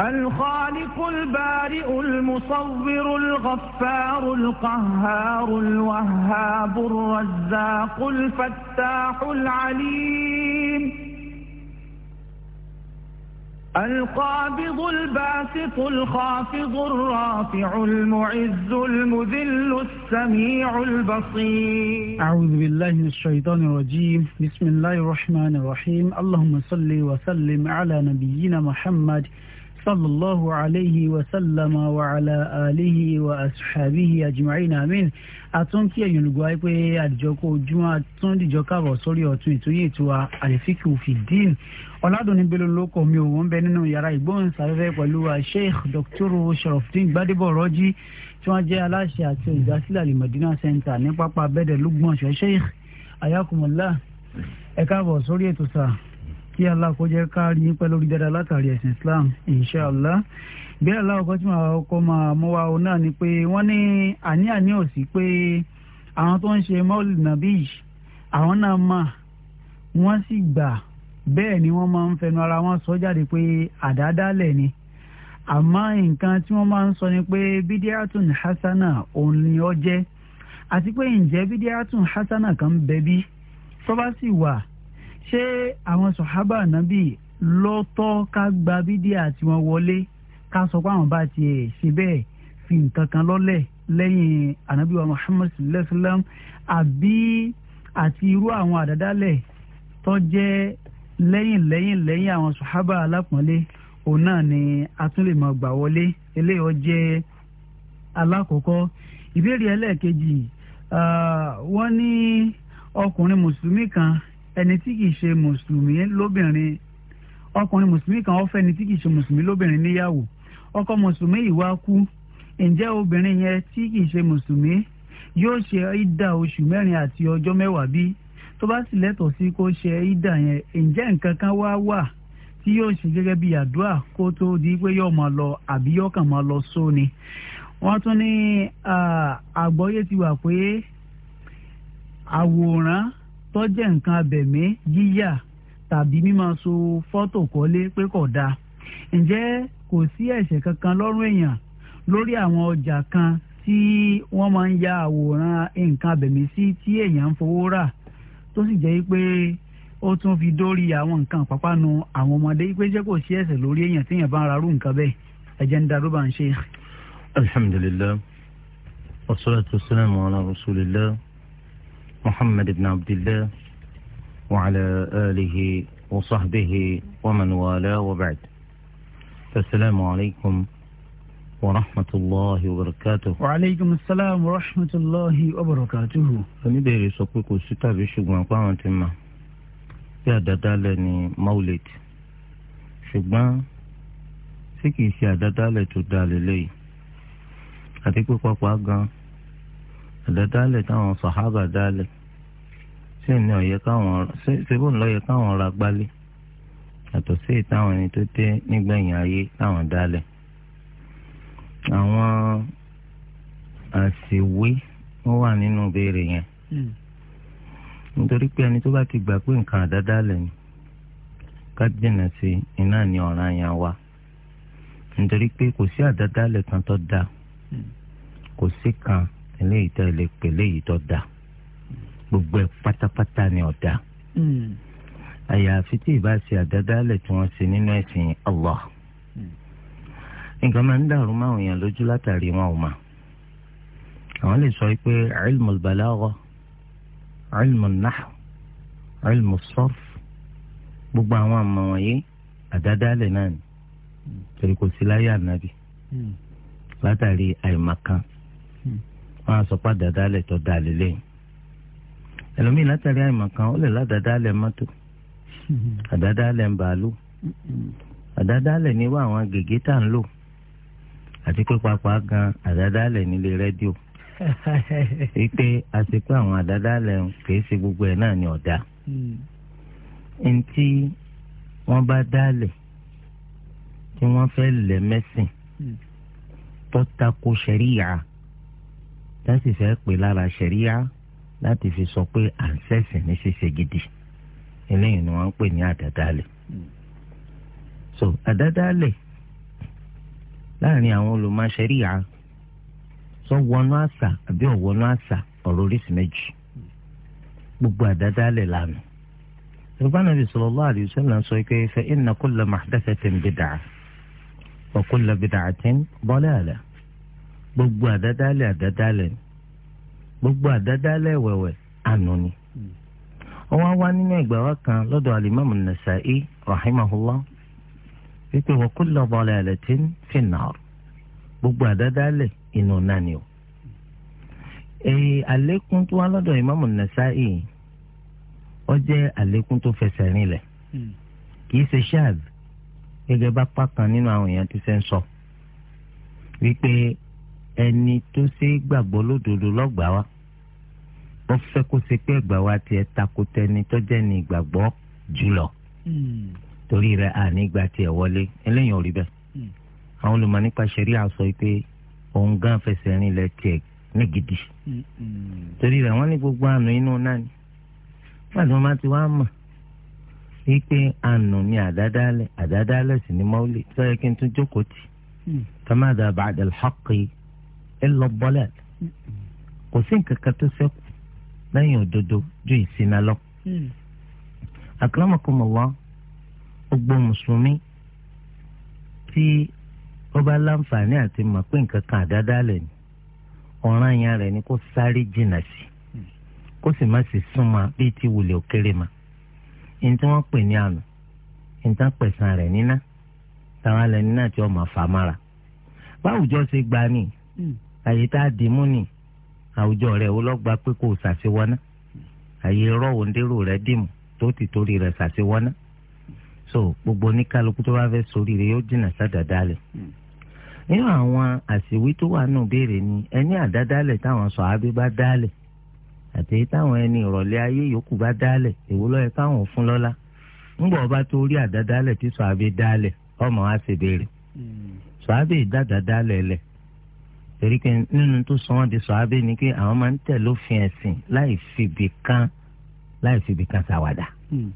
الخالق البارئ المصور الغفار القهار الوهاب الرزاق الفتاح العليم القابض الباسط الخافض الرافع المعز المذل السميع البصير أعوذ بالله من الشيطان الرجيم بسم الله الرحمن الرحيم اللهم صل وسلم على نبينا محمد صلى الله عليه وسلم وعلى آله وأصحابه أجمعين ashabihi ajma'in amin atún kí ẹ̀yin olùgbọ́ ayé pé àdìjọ kó ojúmọ́ atún dìjọ káàbọ̀ sórí ọ̀tún ìtúyè ètò àlẹ́fíkì òfìdín ọ̀làdùnní bẹ́ẹ̀ ló lóko mi ò wọ́n bẹ nínú yàrá ìgbóhùnsáfẹ́fẹ́ pẹ̀lú sheikh dr sharafdin gbadebo rọ́jí tí wọ́n jẹ́ aláṣẹ àti olùdásílẹ̀ alimọ̀dínà center ní pápá abẹ́dẹ̀ lúgbọ̀nsẹ̀ sheikh ayakumullah ẹ káàbọ̀ sórí ètò sáà kí Allah kó jẹ́ ká rí pẹ́ lórí dáadáa látàrí ẹ̀sìn Islam inshallah bí Allah ọkọ tí màá kọ máa mú wa òun náà ni pé wọ́n ní àní-àní ò sí pé àwọn tó ń ṣe maulid nabi àwọn náà mà wọ́n sì gbà bẹ́ẹ̀ ni wọ́n máa ń fẹnu ara wọn sọ jáde pé àdádálẹ̀ ni àmọ́ nǹkan tí wọ́n máa ń sọ ni pé bídíàtún hasana òun ni ó jẹ́ àti pé ǹjẹ́ bídíàtún hasana kan bẹ bí tó bá sì wà ṣé àwọn sọ̀hábà ànábì lọ́tọ́ ká gba bídíà tí wọ́n wọlé ká sọ pé àwọn bá tiẹ̀ ṣe bẹ́ẹ̀ fi nǹkan kan lọ́lẹ̀ lẹ́yìn ànábì wa Muhammad sallallahu alayhi wa sallam àbí àti irú àwọn àdádálẹ̀ tó jẹ́ lẹ́yìn lẹ́yìn lẹ́yìn àwọn sọ̀hábà alápọ̀nlé òun náà ni a gbà wọlé eléyìí jẹ́ alákọ̀ọ́kọ́ ìbéèrè ẹlẹ́ẹ̀kejì ah, wọ́n ní ọkùnrin mùsùlùmí kan ẹni tí kìí ṣe mùsùlùmí lóbìnrin ọkùnrin mùsùlùmí kan ó fẹ́ ẹni tí kìí ṣe mùsùlùmí lóbìnrin níyàwó ọkọ mùsùlùmí yìí wá kú ǹjẹ́ obìnrin yẹn tí kìí ṣe mùsùlùmí yóò ṣe ìdá oṣù mẹ́rin àti ọjọ́ mẹ́wàá bí tó bá sì lẹ́tọ̀ọ́ sí kó ṣe ìdá yẹn ǹjẹ́ nǹkan kan wá wà tí yóò ṣe gẹ́gẹ́ bí àdúrà kó tó di pé yóò máa lọ àbí yóò kàn máa lọ só ni wọ́n tún ní àgbọ́yé ti wà pé àwòrán tó jẹ́ nǹkan abẹ̀mí yíyà tàbí mímọ so fọ́tò kọ́lé pé kò dáa ǹjẹ́ kò sí ẹ̀ṣẹ̀ kankan lọ́rùn èèyàn lórí àwọn ọjà kan tí wọ́n máa ń ya àwòrán nǹkan abẹ̀mí sí tí èèyàn ń fowó rà tó sì jẹ́ pé ó tún fi dórí àwọn nǹkan pápánu àwọn ọmọdé pé ṣé kò sí ẹ̀ṣẹ̀ lórí èèyàn tí èèyàn bá ń rarú nǹkan bẹ́ẹ̀ ẹ̀jẹ̀ ń darú bá ń ṣe. alhamdulilayi wasalaatu wasalaamu ala rasulillah. محمد بن عبد الله وعلى آله وصحبه ومن والاه وبعد السلام عليكم ورحمة الله وبركاته وعليكم السلام ورحمة الله وبركاته فني بيري سوكوكو ستا بشغوان قوان تما يا دادالني مولد شغوان سيكي سيا دادالي تدالي لي أتيكو قوان دادالي تاون صحابة دالي ṣé ní ọ̀yẹ káwọn ṣébò ń lọ́yẹ káwọn ra gbálé yàtọ̀ sí ìtàwọn ẹni tó dé nígbẹ̀yìn ayé táwọn dálẹ̀ àwọn àṣìwé ó wà nínú béèrè yẹn hmm. nítorí pé ẹni tó bá ti gbà pé nǹkan àdádálẹ̀ ni ká jìnnà sí iná ní ọ̀ràn yẹn wa nítorí pé kò sí àdádálẹ̀ kan tó dáa hmm. kò sí kan eléyìí tó lè pè léyìí tó dáa gbogbo ẹ̀ pátápátá ni ọ̀dà hmm. àyàfi tí ìbá ṣe àdádálẹ̀ tí wọ́n ṣe nínú ẹ̀sìn Allah hmm. nǹkan máa ń dàrú máwọn èèyàn lójú látàrí wọn ò mà àwọn lè sọ pé ilmul balagha ilmun nahw ilmus sarf gbogbo àwọn àmọ́ wọ̀nyí àdádálẹ̀ náà ni hmm. torí kò sí láyé ànábì látàrí àìmọ̀kan wọn á sọ pé àdádálẹ̀ tó dà lélẹ́yìn ẹlòmíì látàrí àìmọ̀ kan ó lè ládàáda lẹ̀ mọ́tò àdáadáa lẹ̀ ń bàálù àdáadáa lẹ̀ nírú àwọn gègé tá à ń lò àti pé pàápàá gan àdáadáa lẹ̀ nílé rédíò wípé àti pé àwọn àdáadáa lẹ̀ kìí ṣe gbogbo ẹ̀ náà ni ọ̀dà hmm. ntí wọ́n bá dálẹ̀ tí wọ́n fẹ́ lẹ̀ mẹ́sìn hmm. tó tako ṣẹ̀ríyà tá sì fẹ́ pè lára ṣẹ̀ríyà láti fi sọ pé à ń ṣẹ̀sìn ní ṣíṣe gidi eléyìí ni wọ́n ń pè ní àdádálẹ̀ so àdádálẹ̀ láàrin àwọn olùmọ̀ṣẹ́ríyà sọ wọnú àṣà àbí ọ̀wọ́nú àṣà ọ̀rọ̀ oríṣi méjì gbogbo àdádálẹ̀ lànà yorùbá nàbì sallallahu alaihi wasallam sọ pé fa inna kulla muhdathatin bid'ah wa kulla bid'atin dalalah gbogbo àdádálẹ̀ àdádálẹ̀ ni gbogbo àdádálẹ̀ wẹ̀wẹ̀ àná ni. ọwọ́ wa nínú ẹgbàá wa kan lọ́dọ̀ alimami nasa'i rahimahullah wípé wa kullu dalalatin fi an-nar gbogbo àdádálẹ̀ inú náà ni o. èyí àlékún tó wá lọ́dọ̀ imamu nasa'i ó jẹ́ àlékún tó fẹsẹ̀ rinlẹ̀ hmm. kì ṣe ṣáàz gẹ́gẹ́ bá pákan nínú àwọn èèyàn ti ṣe ń sọ wípé ẹni tó ṣe é gbàgbọ́ lódodo lọ́gbàá wa ó fẹ́ kó ṣe pé ẹgbàá wa tiẹ̀ takò tẹni tó jẹ́ ní ìgbàgbọ́ jùlọ hmm. torí rẹ̀ àní gba tiẹ̀ wọlé eléyìí ò rí bẹ́ẹ̀ hmm. àwọn olùmọ̀ nípa ṣẹ̀rí àṣọ pé òun gan fẹsẹ̀ rìn lẹ tiẹ̀ ní gidi hmm, torí rẹ̀ wọ́n ní gbogbo àánú inú náà ni wọ́n àti wọ́n bá ti wá mọ̀ wípé àánú ni àdádálẹ̀ àdádálẹ̀ sì ni mọ́wúlẹ̀ tó yẹ kí n tún jókòó tì kàmáàdà ba'da al illa dalal kò sí nǹkan kan tó ṣẹ́kù lẹ́yìn òdodo ju ìṣìnà lọ. Hmm. akramakumullah gbogbo mùsùlùmí tí ó bá láǹfààní àti mọ̀ pé nǹkan kan àdáadáa lẹ̀ ni ọ̀ràn yẹn rẹ̀ ni kó sáré jìnnà sí kó sì má sì súnmọ́ bíi ti wulẹ̀ òkèrè mà ní tí wọ́n pè ní àná ní tí wọ́n pẹ̀sán rẹ̀ níná táwọn alẹ́ níná tí wọ́n máa fà mára ṣe gba ni hmm. àyè tá a dì re àwùjọ rẹ̀ ó lọ́gba pé kò re àyè rọ́wọ́ tó ti torí so gbogbo oníkálukú tó bá fẹ́ sórí rẹ̀ yóò jìnnà sádàdà nínú àwọn àṣìwí tó wà nù béèrè ni ẹni àdádálẹ̀ táwọn sọ̀hábí bá dálẹ̀ àti táwọn ẹni ìrọ̀lẹ́ ayé yòókù bá dálẹ̀ èwo ló káwọn fún lọ́lá ọba tó rí tí ọmọ wa hmm. lẹ̀ torí pé nínú tó sọ wọn di sọ̀hábẹ́ ni pé àwọn máa ń tẹ̀ lófin ẹ̀sìn láì fìbì kan láì fìbì kan ṣàwàdà hmm.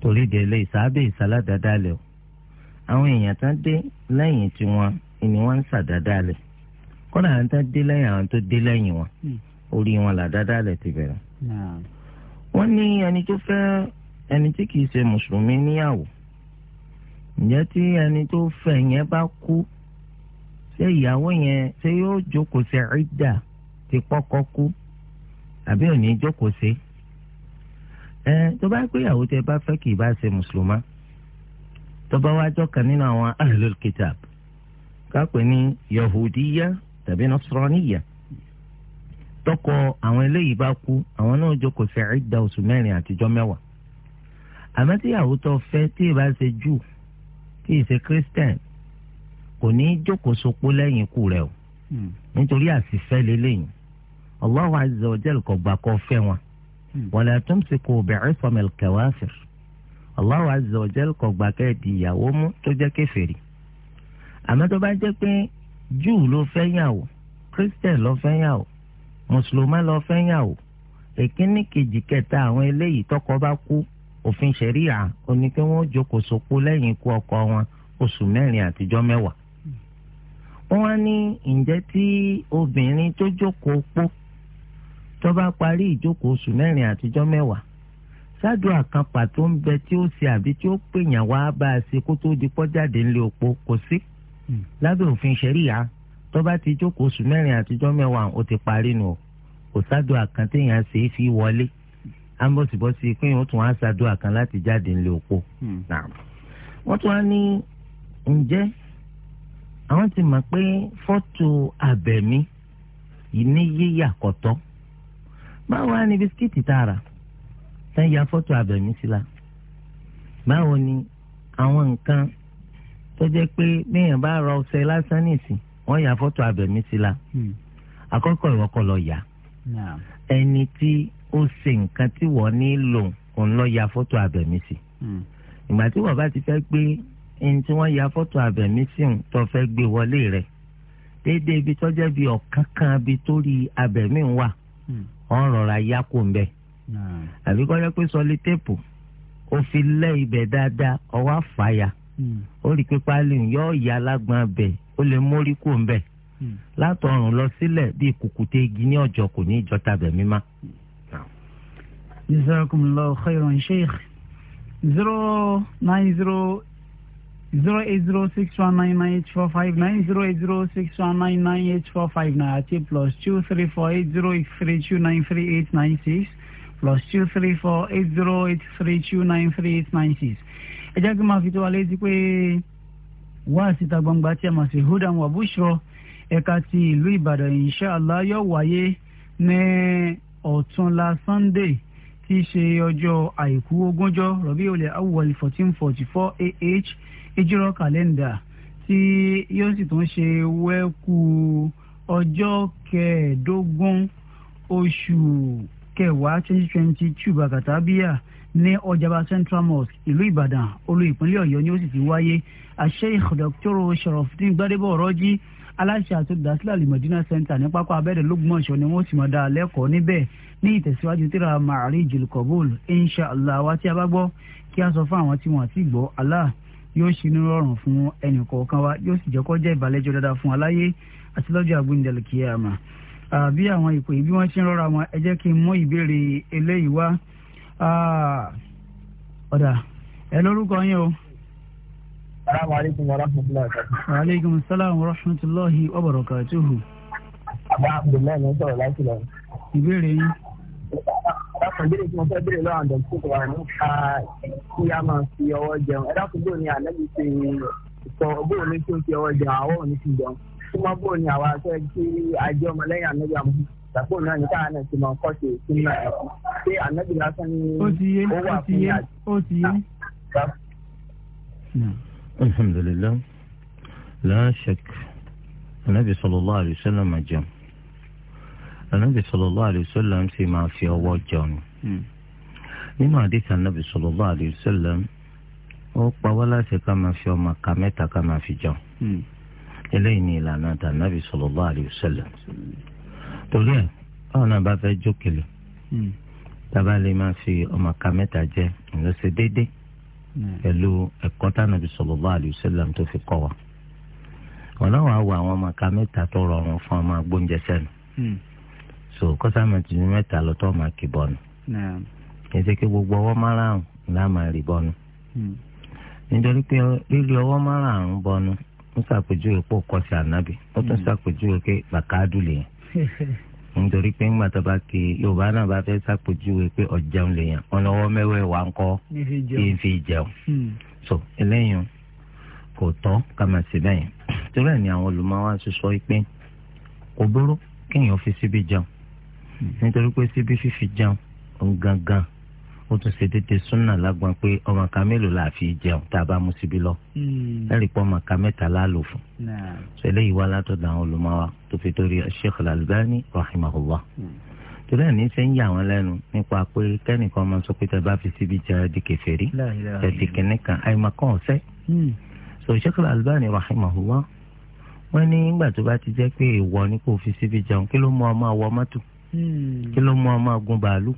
torí délé ìsọ̀hábẹ́ ìsàládàdà lẹ̀ o àwọn èèyàn tán dé lẹ́yìn tiwọn ni wọ́n ń ṣàdàdà lẹ̀ kọ́nà àwọn tán dé lẹ́yìn àwọn tó dé lẹ́yìn wọn hmm. orí wọn làdàdà lẹ̀ ti bẹ̀rẹ̀ wọ́n ní ẹni tó fẹ́ ẹni tí kìí ṣe mùsùlùmí níyàwó ǹjẹ́ tí ẹni tó fẹ́ yẹn bá kú ṣé ìyàwó yẹn ṣé yóò jókòó sí ẹ̀ẹ́dà tí pọ́kọ́ kú àbí ò ní jókòó sí. ẹ tó bá pé ìyàwó tẹ bá fẹ́ kì í bá ṣe mùsùlùmá tó bá wá jọ́ kan nínú àwọn ahlul kitab kápẹ́ ní yahudiya tàbí nasraniya tọkọ àwọn eléyìí bá kú àwọn náà jókòó sí ẹ̀ẹ́dà oṣù mẹ́rin àtijọ́ mẹ́wàá àmọ́ tíyàwó tó fẹ́ tí ì bá ṣe jù tí ì ṣe christian kò ní í jókòó sopó lẹ́yìn ikú rẹ̀ o hmm. nítorí àṣìfẹ́ lélẹ́yìn Allahu azza wa jalla kò gbà kó fẹ́ wọn hmm. wala tumsiku bi'isamil kawafir Allahu azza wa jalla kò gbà kẹ́ di ìyàwó mú tó jẹ́ kèfèrí àmọ́ tó bá jẹ́ pé júù ló fẹ́ yàwó kírísítẹ̀n ló fẹ́ yàwó mùsùlùmá ló fẹ́ yàwó èkíní kejì kẹta àwọn eléyìí tọkọ bá kú òfin ṣẹ̀ríà ó ní jókòó sopó lẹ́yìn ikú ọkọ wọn oṣù mẹ́rin àtijọ́ mẹ́wàá wọ́n ní ǹjẹ́ tí obìnrin tó jókòó pó tó bá parí ìjókòó oṣù mẹ́rin àtijọ́ mẹ́wàá ṣáàdùà kan pàtó ń bẹ tí ó ṣe àbí tí ó pèèyàn wá bá a ṣe kó tó di pọ́jáde ńlẹ̀ òpó kò sí hmm. lábẹ́ òfin ṣẹ̀ríyà tó bá ti jókòó oṣù mẹ́rin àtijọ́ mẹ́wàá ó ti parí nù o kò ṣáàdùà kan téèyàn ṣe é fi wọlé ambosibosi pé wọ́n tún á ṣáàdùà kan láti jáde ńlẹ̀ òpó. Hmm. wọ́n tún á ní ǹjẹ́ àwọn ti mọ̀ pé fọ́tò abẹ̀mí ní yíyà kọ̀tọ́ báwo á ní bisikíìtì tààrà tán ya fọ́tò abẹ̀mí sí la báwo ni àwọn nǹkan tó jẹ́ pé béèyàn bá ra ọṣẹ lásán nìsín wọ́n ya fọ́tò abẹ̀mí sí la hmm. àkọ́kọ́ ìwọ kọ́ lọ yà ẹni tí ó ṣe nǹkan tí wọ́n ní lò ń lọ ya fọ́tò abẹ̀mí sí hmm. ìgbà tí wọ́n bá ti fẹ́ gbé ẹni tí wọ́n ya fọ́tò abẹ̀mí sí ń tó fẹ́ gbé wọlé rẹ̀ déédéé ibi tó jẹ́ bí ọ̀kan kan ibi tó rí abẹ̀mí ń wà ọ̀ ń rọra yá kó ń bẹ̀. àbí kọ́ jẹ́ pé sọlí téèpù ó fi lẹ́ ibẹ̀ dáadáa ọwọ́ àfàyà ó rí pé páálí yóò ya lágbọ̀n abẹ̀ ó lè mórí kó ń bẹ̀ látọrùn lọ sílẹ̀ bí kùkùté igi ní ọjọ́ kò ní ìjọ tàbẹ̀ mímá. jazakumullahu khairan sheikh zero nine zero zero eight zero six one nine nine eight four five nine zero zero six one nine nine eight four five nine àti plus two three four eight zero eight three two nine three eight nine six plus two three four eight zero eight three two nine three eight nine six. ẹ jẹ́ kí n máa fi tó wa létí pé wá síta gbangba tí a máa ṣe hudan wa bushro ẹ̀ka ti ìlú Ìbàdàn inshallah yóò wáyé ní ọ̀túnla Sunday tí í ṣe ọjọ́ àìkú ogúnjọ́ rọ̀bí olè awwal fourteen AH ìjírọ̀ kàlẹ́ndà tí yóò sì tún ṣe wẹ́kú ọjọ́ kẹẹ̀ẹ́dógún oṣù kẹwàá twenty twenty two bàkàtà bíyà ní ọjàba central mosque ìlú ìbàdàn olú ìpínlẹ̀ ọ̀yọ́ ni ó sì ti wáyé àṣẹ Dr. Sharafdin Gbádébọ̀ Rọ́jí aláṣẹ àti olùdásílẹ̀ alimọ̀dínà center ní pápá abẹ́rẹ́ lọ́gbọ̀nsọ ni wọ́n sì mọ̀ dá lẹ́kọ̀ọ́ níbẹ̀ ní ìtẹ̀síwájú tíra Ma'arijil Qabul inshallah wa tí a bá gbọ́ kí a sọ fún àwọn tí wọ́n ti gbọ́ alá yóò ṣe ní rọrùn fún ẹnì kọ̀ọ̀kan wa yóò sì jẹ́ kó jẹ́ ìbàlẹ́jọ́ dáadáa fún aláyé àti lọ́jọ́ àgbéǹdẹ̀lẹ̀ kíyàmá àbí àwọn ìpè bí wọ́n ṣe ń rọra wọn ẹ jẹ́ kí n mú ìbéèrè eléyìí wá ọ̀dà ẹ lórúkọ yín o. Assalamu alaikum wa rahmatullahi wa barakatuh. Wa alaikum Abdullahi ló ń sọ̀rọ̀ láti lọ. Ìbéèrè yín. Ọkàn ìbéèrè tí mo fẹ́ béèrè lọ́wọ́ Ọjọọ. tó wà nípa kí a máa fi alhamdulilayi laashak anabi sallallahu alayhi wa sallam jẹun anabi sallallahu alayhi wa sallam sì máa fi ọwọ́ jẹun hmm. nínú àdìsí anabi sallallahu alayhi wa sallam ó pa wá láti ká máa fi ọmọ ká mẹ́ta ká máa fi jẹun hmm. eléyìí ni ìlànà tà anabi sallallahu alayhi wa sallam torí ẹ̀ báwọn náà bá fẹ́ jókèlè hmm. tábàlì máa fi ọmọ ká mẹ́ta jẹ ìlọsẹ déédéé pẹ̀lú ẹ̀kọ́ tánàbí sallallahu alaihi wasallam tó fi kọ́ wa ọlọ́run á wọ àwọn ọmọ ká mẹ́ta tó rọrùn fún ọmọ agbóúnjẹ sẹ́nu hmm. so kọ́sàmù ti ní mẹ́ta lọ́tọ́ máa kì bọ́nu kì ṣe pé gbogbo ọwọ́ márùn-ún la máa rí bọ́nu hmm. nítorí pé lílo ọwọ́ márùn-ún bọ́nu ń ṣàpèjúwe pọ̀ kọ́sí ànábì ó tún hmm. ṣàpèjúwe pé bàkádù lèyìn nítorí pé ńgbà tó bá ké yorùbá náà bá fẹ́ sàpèjúwe pé ọ̀jẹun lèèyàn ọlọ́wọ́ mẹ́wẹ́ wà ń kọ́ kí n fi jẹun hmm. so eléyìí kò tọ́ ká máa ṣe bẹ́ẹ̀ torí ẹ̀ ni àwọn olùmọ̀wá ṣe sọ pé kò burú kéèyàn fi síbi jẹun hmm. nítorí pé síbi fífi jẹun gangan ó tún ṣe déédéé súnà lágbọn pé ọmọ kan mélòó la fi jẹun tá a bá mú síbi lọ hmm. ẹrí pọ ọmọ kan mẹ́ta láàlò fún ṣe eléyìí wá látọ̀dọ̀ àwọn olùmọwà tó fi torí Sheikh Al-Albani rahimahullah hmm. torí ẹni ṣe ń yà wọn lẹ́nu nípa pé kẹ́nìkan ọmọ sọ pé tẹ bá fi síbi jẹ di kèfèrí ẹ di kìnnìkan àìmọ̀kan ọ̀sẹ́ so Sheikh Al-Albani rahimahullah wọn ní ìgbà tó bá ti jẹ́ pé ìwọ ni kò fi síbi jẹun kí ló mú ọmọ àwọ mọ́tò hmm. kí ló mú ọmọ àgùn bàálù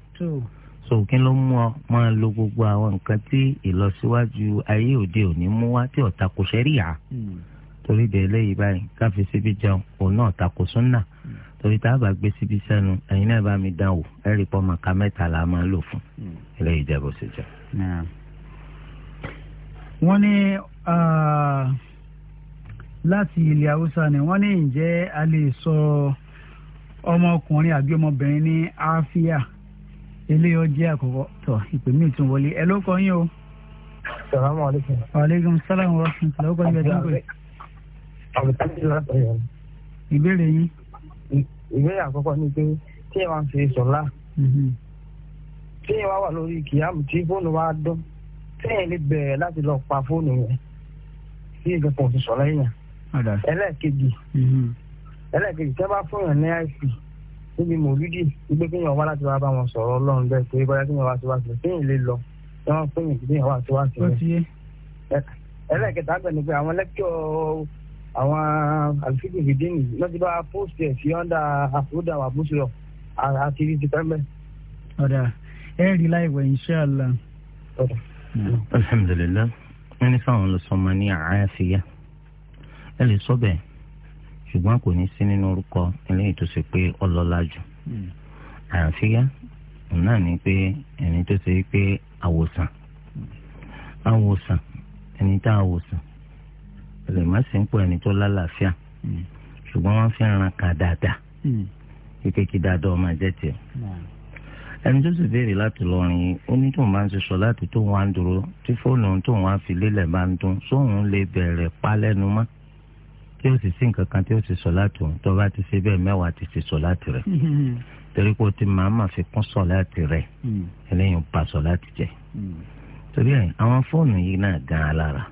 sòkín ló mú ọ máa lo gbogbo àwọn nǹkan tí ìlọsíwájú ayé òde òní mú wá tí ọ̀tá kò ṣẹ́ríyà hmm. torí de eléyìí báyìí káfí síbi jẹun òun náà tako súnà hmm. torí tá a bá gbé síbi sẹ́nu ẹ̀yin náà bá mi dán wò ẹ̀rí pọ́ màkà mẹ́ta là á máa lò fún hmm. eléyìí jẹ́ bó ṣe jẹ. wọ́n ní láti ilẹ̀ haúsá ni wọ́n ní ǹjẹ́ a lè sọ ọmọkùnrin àbí ọmọbìnrin ní àáfíà. So, ilé ọjẹ́ àkọ́kọ́ tọ̀ ìpè mí tún wọlé ẹ ló kọ o. salamu aleykum. aleykum salaam wa rahmatulah ọkọ ìgbà tó ń pè. àbùtàkì láti ọ̀yọ́. ìbéèrè yín. ìbéèrè àkọ́kọ́ ni pé tí ẹ máa ń fi sọ̀lá. Mm-hmm. tí ẹ wá wà lórí kìámù tí fóònù wa dán tí ẹ lè bẹ̀rẹ̀ láti lọ pa fóònù yẹn tí ẹ kò sì sọ̀lá yẹn. ẹlẹ́ẹ̀kejì mm-hmm. ẹlẹ́ẹ̀kejì tẹ́ bá fún ní àìsí níbi mòlúdì wípé kéèyàn wá láti wá bá wọn sọ̀rọ̀ ọlọ́run bẹ́ẹ̀ pé bóyá kéèyàn wá sí wá sílẹ̀ kéèyàn lè lọ kí wọ́n fún yìí kéèyàn wá sí wá sílẹ̀. ẹlẹ́kẹta àgbẹ̀ ni pé àwọn lẹ́kítọ̀ àwọn àlùfíìkì fìdíìnì lọ́ọ́ ti bá post ẹ̀ sí ọ́ndà àfúdà àbúṣọ àti ti pẹ́ńpẹ́. ọ̀dà ẹ rí láìpẹ́ inṣàlá. alhamdulilayi wọn ní káwọn lọ sọmọ ní àáfíà ẹ lè sọ bẹ́ẹ̀ ṣùgbọ́n kò ní sí nínú orúkọ eléyìí tó ṣe pé ọlọ́lá jù hmm. àyànfíyá òun náà ni pé ẹni tó ṣe pé àwòsàn hmm. àwòsàn ẹni tá àwòsàn lè má sí ń pọ ẹni tó lálàáfíà hmm. ṣùgbọ́n wọ́n fi ran kan dáadáa kíkẹ́ kí dáadáa ọmọ jẹ́ tiẹ̀ ẹni tó sì béèrè láti lọrin yìí ó ní tóun bá ń ṣiṣọ láti tóun wá ń dúró tí fóònù tóun wá fi lélẹ̀ bá ń dún sóun lè bẹ̀rẹ̀ pa tí ó sì sí nǹkan kan tí ó sì sọ láti òun tó bá ti ṣe bẹ́ẹ̀ mẹ́wàá ti ṣe sọ láti rẹ̀ torí pé o ti máa ma fi kún sọ láti rẹ̀ eléyìí ń pa sọ láti jẹ torí ẹ̀ àwọn fóònù yìí náà gan alára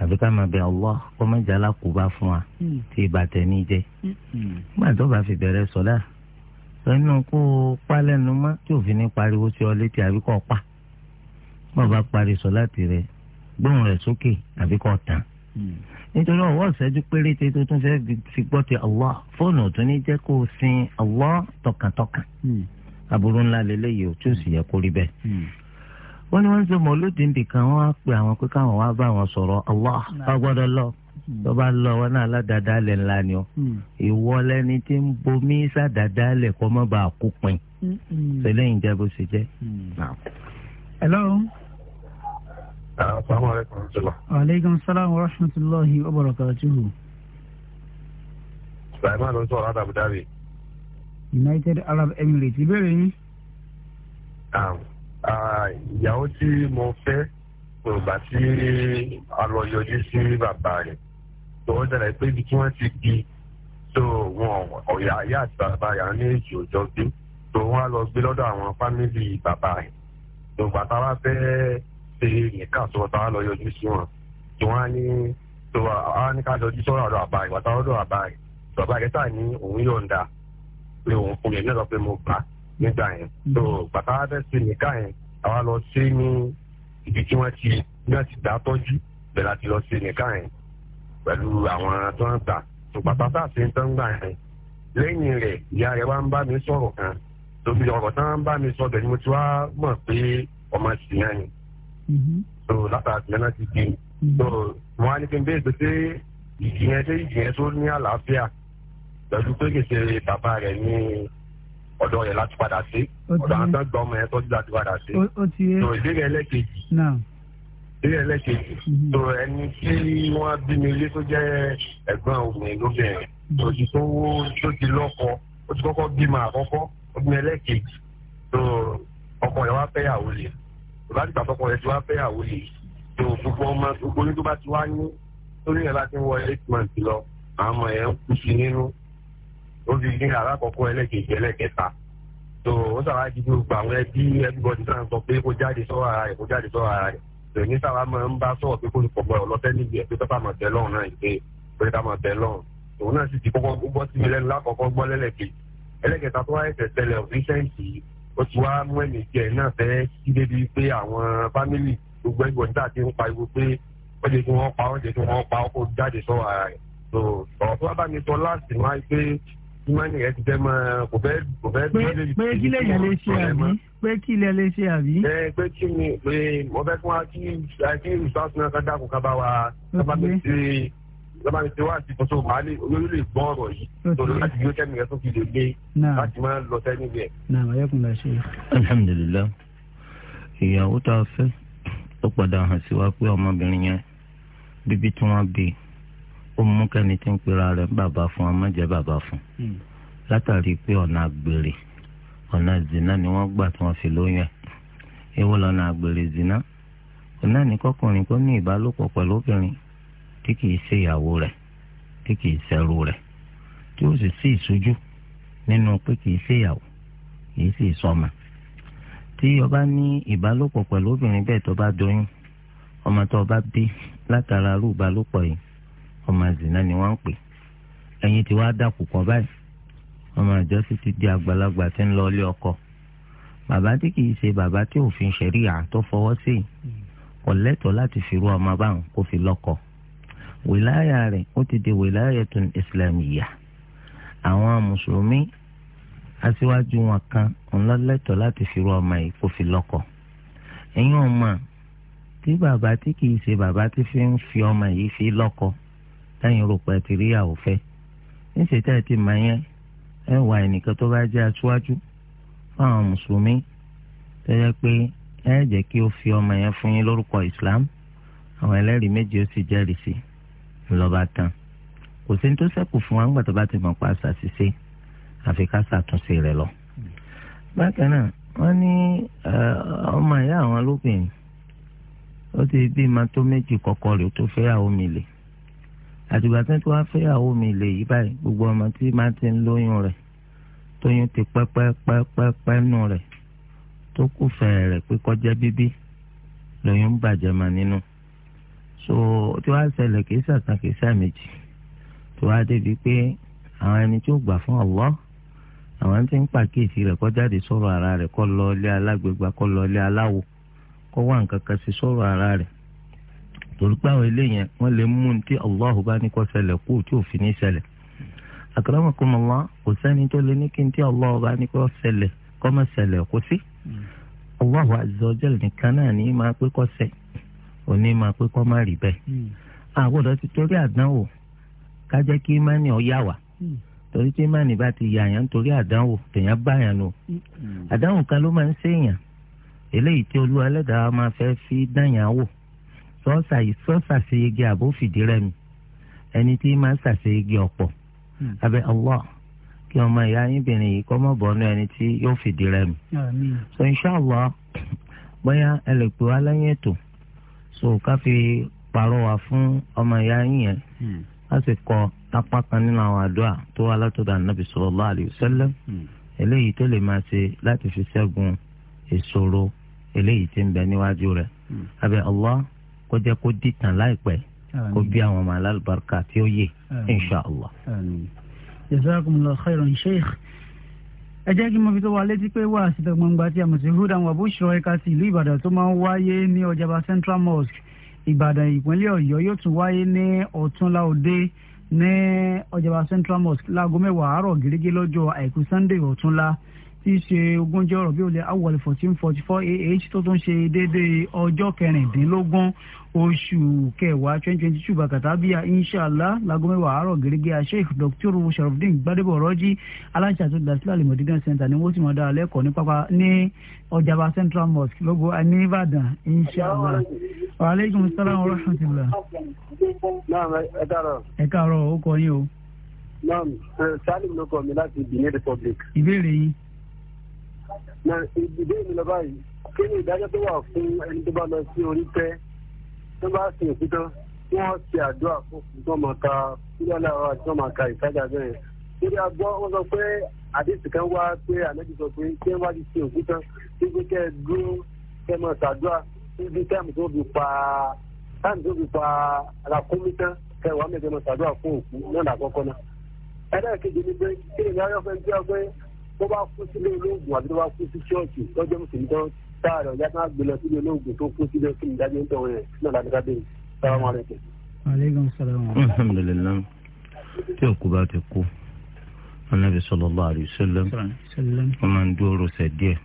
àfi ká máa bẹ Allah kó má jẹ́ alákòóbá fún wa tí ibà tẹ̀ ní jẹ́ nígbà tó bá fi bẹ̀rẹ̀ sọ́lá lẹ́nu kó o pa lẹ́nu mọ́ tí òfin ní pariwo sí ọ létí àbí kó o pa bọ́ọ̀ bá parí sọ láti rẹ̀ gbóhùn rẹ̀ sókè àbí kó o nítorí ọwọ́ ìṣẹ́jú péréte tó tún fẹ́ fi gbọ́ ti Allah fóònù tó ní jẹ́ kó o sin Allah tọkàntọkàn hmm. aburú ńlá lélẹ́yìí ò tí ò sì yẹ kó rí bẹ́ẹ̀ hmm. wọ́n ní wọ́n ń ṣe mọ̀lódì nìkan wọ́n á pe àwọn pé káwọn wá bá wọn sọ̀rọ̀ Allah hmm. a gbọ́dọ̀ lọ tó bá lọ wọn náà aládàáda lẹ̀ ńlá ni ọ ìwọ lẹni tí ń bomi sàdàdà lẹ̀ kọ́ mọ́ bá a kó pin ṣẹlẹ̀ jẹ́. ẹ lọ́rùn aleykum salaam wa rahmatulahi wa barakatuhu. sulaiman ló ń sọ̀rọ̀ adamu dáre. united arab emirates ìbéèrè yín. ìyàwó tí mo fẹ́ yorùbá tí a lọ yọjú sí bàbá rẹ̀ tó ó dára pé ibi tí wọ́n ti di tó wọn ọ̀yà ayé àti bàbá yà ní èjì òjọ́ gbé tó wọ́n á lọ gbé lọ́dọ̀ àwọn fámìlì bàbá rẹ̀ tó bàbá fẹ́ẹ́ pé nìkan sọ táwọn lọ yọjú sí wọn tí wọn á ní tó àwọn ní ká yọjú sọ́rọ̀ ọ̀dọ̀ àbá ìwà táwọn ọ̀dọ̀ bàbá rẹ̀ ní òun yọ̀ǹda pé òun fún yẹn nígbà pé mo gbà nígbà yẹn tó bàtà wá fẹ́ sí nìkan yẹn àwa lọ sí ní ibi tí wọ́n ti náà ti dá tọ́jú bẹ́ẹ̀ láti lọ sí nìkan yẹn pẹ̀lú àwọn tó ń ta tó bàtà sáà sí ń tán gbà yẹn lẹ́yìn rẹ̀ ìyá rẹ̀ wá ń bá mi sọ̀rọ̀ kan tóbi ọ̀rọ̀ tán bá mi sọ bẹ́ẹ̀ ni mo ti wá mọ̀ pé ọmọ sì yẹn ni so látàrí ìyẹn náà ti di mm-hmm. so wọn á ní kí n béèrè pé ṣé ìjìyẹn ṣé ìjìyẹn tó ní àlàáfíà pẹ̀lú pé kì í ṣe bàbá rẹ̀ ní ọ̀dọ̀ rẹ̀ láti padà sí ọ̀dọ̀ àwọn tó ń gbọ́ ọmọ yẹn tọ́jú láti padà sí so ìbéèrè ẹlẹ́kejì ìbéèrè ẹlẹ́kejì mm-hmm. so ẹni tí wọ́n bí mi ilé tó jẹ́ ẹ̀gbọ́n obìnrin lóbìnrin tó ti tó wó tó ti lọ́kọ ó ti bímọ àkọ́kọ́ obìnrin ẹlẹ́kejì so ọkọ rẹ̀ wá fẹ́yàwó lè láti gbà tọkùnrin tí wàá fẹ́ àwọn yìí tó gbogbo ọmọ gbogbo ní tó bá ti wá ní lórí ẹ̀ láti wọ eight months lọ àwọn ọmọ ẹ̀ ń kú sí nínú ó fi ní alákọ̀ọ́kọ́ ẹlẹ́kejì ẹlẹ́kẹta tó ó sábà di gbogbo àwọn ẹbí everybody náà sọ pé kó jáde sọ́wọ́ ara rẹ̀ kó jáde sọ́wọ́ ara rẹ̀ tó ní sábà máa ń bá sọ̀rọ̀ pé kó lùpọ̀ gbọ́dọ̀ lọ́tẹ́ níbi ẹ̀ pé tọ́pà máa bẹ̀ lọ́run náà ìgbé pé ó ti wá mú ẹ̀mí jẹ náà fẹ́ kí débi pé àwọn fámìlì gbogbo ẹgbẹ́ nígbà tí ń pariwo pé wọ́n jẹ́ kí wọ́n pa wọ́n jẹ́ kí wọ́n pa ó jáde sọ ara rẹ̀ tó ọ̀rọ̀ tó bá bá mi sọ láti máa pé ìmọ̀ni rẹ̀ ti fẹ́ mọ kò fẹ́ kò fẹ́ kí lè lè ṣe àbí pé kí lè lè ṣe àbí. ẹ pé kí ni pé mo fẹ́ fún wa kí kí ìṣàtúnṣe kan dákun ká bá wa ká bá mi ṣe lọ́ba ní tiwa àti tuntun baálé olórí lè gbọ́ ọ̀rọ̀ yìí tòun láti yóò tẹ́mi rẹ tó fi lè gbé láti máa lọ sẹ́ni bẹ́ẹ̀. náà wáyé kun bá ṣe. alhamdulilayi ìyàwó tá a fẹ́ ó padà hàn sí wa pé ọmọbìnrin yẹn bíbí tí wọ́n bí ó mú kẹ́ni tí ń pera rẹ̀ bàbá fún ọmọ jẹ́ bàbá fún hmm. látàrí pé ọ̀nà àgbèrè ọ̀nà zina ni wọ́n gbà tí wọ́n fi lóyún ẹ̀ èwo lọ́nà àgbèrè zina ọ̀nà ní kọkùnrin kó ní ìbálòpọ̀ pẹ̀lú obìnrin tí kìí ṣe ìyàwó rẹ̀ tí kìí ṣẹrú rẹ̀ tí ó sì sí ìṣojú nínú pé kìí ṣe ìyàwó kìí ṣe ìsọmọ tí ọba ní ìbálòpọ̀ pẹ̀lú obìnrin bẹ́ẹ̀ tó bá doyún ọmọ tó bá bí látara arú ìbálòpọ̀ yìí ọmọ zina ni wọ́n ń pè ẹ̀yin tí wàá dàkú kọ báyìí ọmọ ìjọ sì ti di àgbàlagbà tí ń lọ ilé ọkọ bàbá tí kìí ṣe bàbá tí òfin ṣẹ̀ríyà tó fọwọ́ sí kò lẹ́tọ̀ọ́ láti firú ọmọ báwọn kó fi lọ́kọ̀ọ́ wìláyà rẹ̀ ó ti di wìláyàtun islamiyya àwọn mùsùlùmí aṣíwájú wọn kan ńlọ́lẹ́tọ̀ láti fi rú ọmọ yìí kó fi lọ́kọ ẹ̀yin ọmọ tí bàbá tí kìí ṣe bàbá tí fi ń fi ọmọ yìí fi lọ́kọ lẹ́yìn rògbà ti rí ìyàwó fẹ́ níṣẹ́ tá ẹ ti mọ̀ yẹn ẹ wà ẹnìkan tó bá jẹ́ aṣíwájú fún àwọn mùsùlùmí tó pé ẹ jẹ́ kí ó fi ọmọ yẹn fún yín lórúkọ Islam àwọn ẹlẹ́rìí méje ó sì jẹ́rìí sí i ńlọba tán kò sí ní tó ṣẹ́kù fún wa ńgbà tó bá ti mọ̀ pa àṣàṣìṣe àfi ká ṣàtúnṣe rẹ̀ lọ. bákan náà wọ́n ní ọmọ ìyá àwọn lóbìnrin ó ti bí ma tó méjì kọ́kọ́ rẹ̀ tó fẹ́yàwó mi lè àtìgbà tí wọ́n fẹ́yàwó mi lè yí báyìí gbogbo ọmọ tí má ti ń lóyún rẹ̀ tóyún ti pẹ́pẹ́pẹ́pẹ́ nù rẹ̀ tó kù rẹ̀ pé kọjá bíbí lóyún bàjẹ́ ma nínú. No so tí wàá ṣẹlẹ̀ kìí sàkàn kìí to tí wàá débi pé àwọn ẹni tí ó gbà fún Allah àwọn tí ń pàkíyèsí rẹ jáde sọrọ ara rẹ kó lọ ilé alágbègbà kó lọ ilé aláwo ara rẹ torí pé àwọn eléyẹn wọ́n lè mú un tí Allah bá ní kó ṣẹlẹ̀ kú tí ò fi ní ṣẹlẹ̀ akramakumullah kò sẹ́ni tó lè ní kí n tí òní máa pé kọ́ má rí bẹ́ẹ̀ àgbọ̀dọ̀ hmm. ti torí àdánwò ká jẹ́ kí mánì ọ yà wá hmm. torí tí mánì bá ti yà yàn torí àdánwò tèèyàn bá yàn nù hmm. àdánwò kan ló máa ń ṣèyàn eléyìí tí olú ẹlẹ́dàá máa fẹ́ fi dáyàn wò sọ́ọ̀sà sọ́ọ̀sà ṣe igi àbó fìdí rẹmi ẹni tí máa ṣàṣe igi ọ̀pọ̀ abẹ́ Allah kí ọmọ ìyá yín bìnrin yìí kọ́ mọ̀ bọ́nú ẹni tí yóò fìdí rẹmi so inṣàlá bóyá ẹ lè pè wá lẹ́yìn ètò so ká fi pàrọwà fún ọmọ ìyá yín yẹn láti hmm. kọ lápá kan nínú àwọn àdúrà tó wà látọ̀dọ̀ ànábì sallallahu alaihi wasallam hmm. eléyìí tó lè máa ṣe láti fi ṣẹ́gun ìṣòro eléyìí tí ń bẹ níwájú rẹ̀ hmm. abẹ́ Allah kó jẹ́ kó dìtàn láìpẹ́ kó bí àwọn ọmọ alálùbáríkà tí ó yè inṣàlá. jazakumullahu khairan ẹ jẹ́ kí mo fi tó wa létí pé wà síta gbangba tí a mọ̀ sí hudan wa bushra ẹ̀ka ti ìlú ìbàdàn tó máa ń wáyé ní ọjàba central mosque ìbàdàn ìpínlẹ̀ ọ̀yọ́ yóò tún wáyé ní ọ̀túnla òde ní ọjàba central mosque láago mẹ́wàá àárọ̀ gẹ́gẹ́ lọ́jọ́ àìkú sunday ọ̀túnla tí í ṣe ogúnjọ́ ọ̀rọ̀ bí olè awọ́lé fourteen forty four AH tó tún ṣe déédéé ọjọ́ kẹrìndínlógún oṣù kẹwàá twenty twenty two bàkàtà bíi inshàlá lagomẹwàá àárọ̀ gẹ́gẹ́ asheikh dr sharafdin gbadebo rọ́jí aláṣà tó dá sílẹ̀ alimọ̀dígán center ni wọ́n sì mọ̀ dára lẹ́kọ̀ọ́ ní pápá ní ọjàba central mosque lógo nìbàdàn inshàlá waaleykum salaam wa rahmatulah. ẹ káàárọ̀ ó kọ yín o. naam salim ló kọ mi láti benin republic. ìbéèrè yín na ibùdó ìlú báyìí kí ni ìdájọ́ tó wà fún ẹni tó bá lọ sí orí tẹ́ tó bá sì ń kútán tí wọ́n ṣe àdúrà fún tó máa ka kúrò aláwọ̀ àti tó máa ka ìtajà bẹ́ẹ̀ lórí agbọ́ wọn sọ pé àdéhùn kan wá pé ànájú sọ pé kí wọ́n bá ti ṣe òkú tán kí pé kẹ́ ẹ dúró kẹ́ ẹ máa ṣàdúrà níbi táìmù tó fi pa táìmù tó fi pa àlàkúnmí tán kẹ́ ẹ wàá mẹ́jọ máa ṣàdúrà fún òkú náà lákọ́kọ́ náà ẹlẹ́ẹ̀kejì ni pé kí ni ìyá tó bá kú sílé olóògùn àbí tó bá kú sí ṣọ́ọ̀ṣì lọ́jọ́ mùsùlùmí tó sáàrọ̀ ìyá kan gbé lọ sílé olóògùn tó kú sílé kí n dájú ń tọ̀wé rẹ̀ náà láti ká bẹ́ẹ̀ sálámù alẹ́kẹ̀. aleykum salaam. alhamdulilayi tí òkú bá ti kú anabi sallallahu alaihi wasallam wọn máa ń dúró ṣe díẹ̀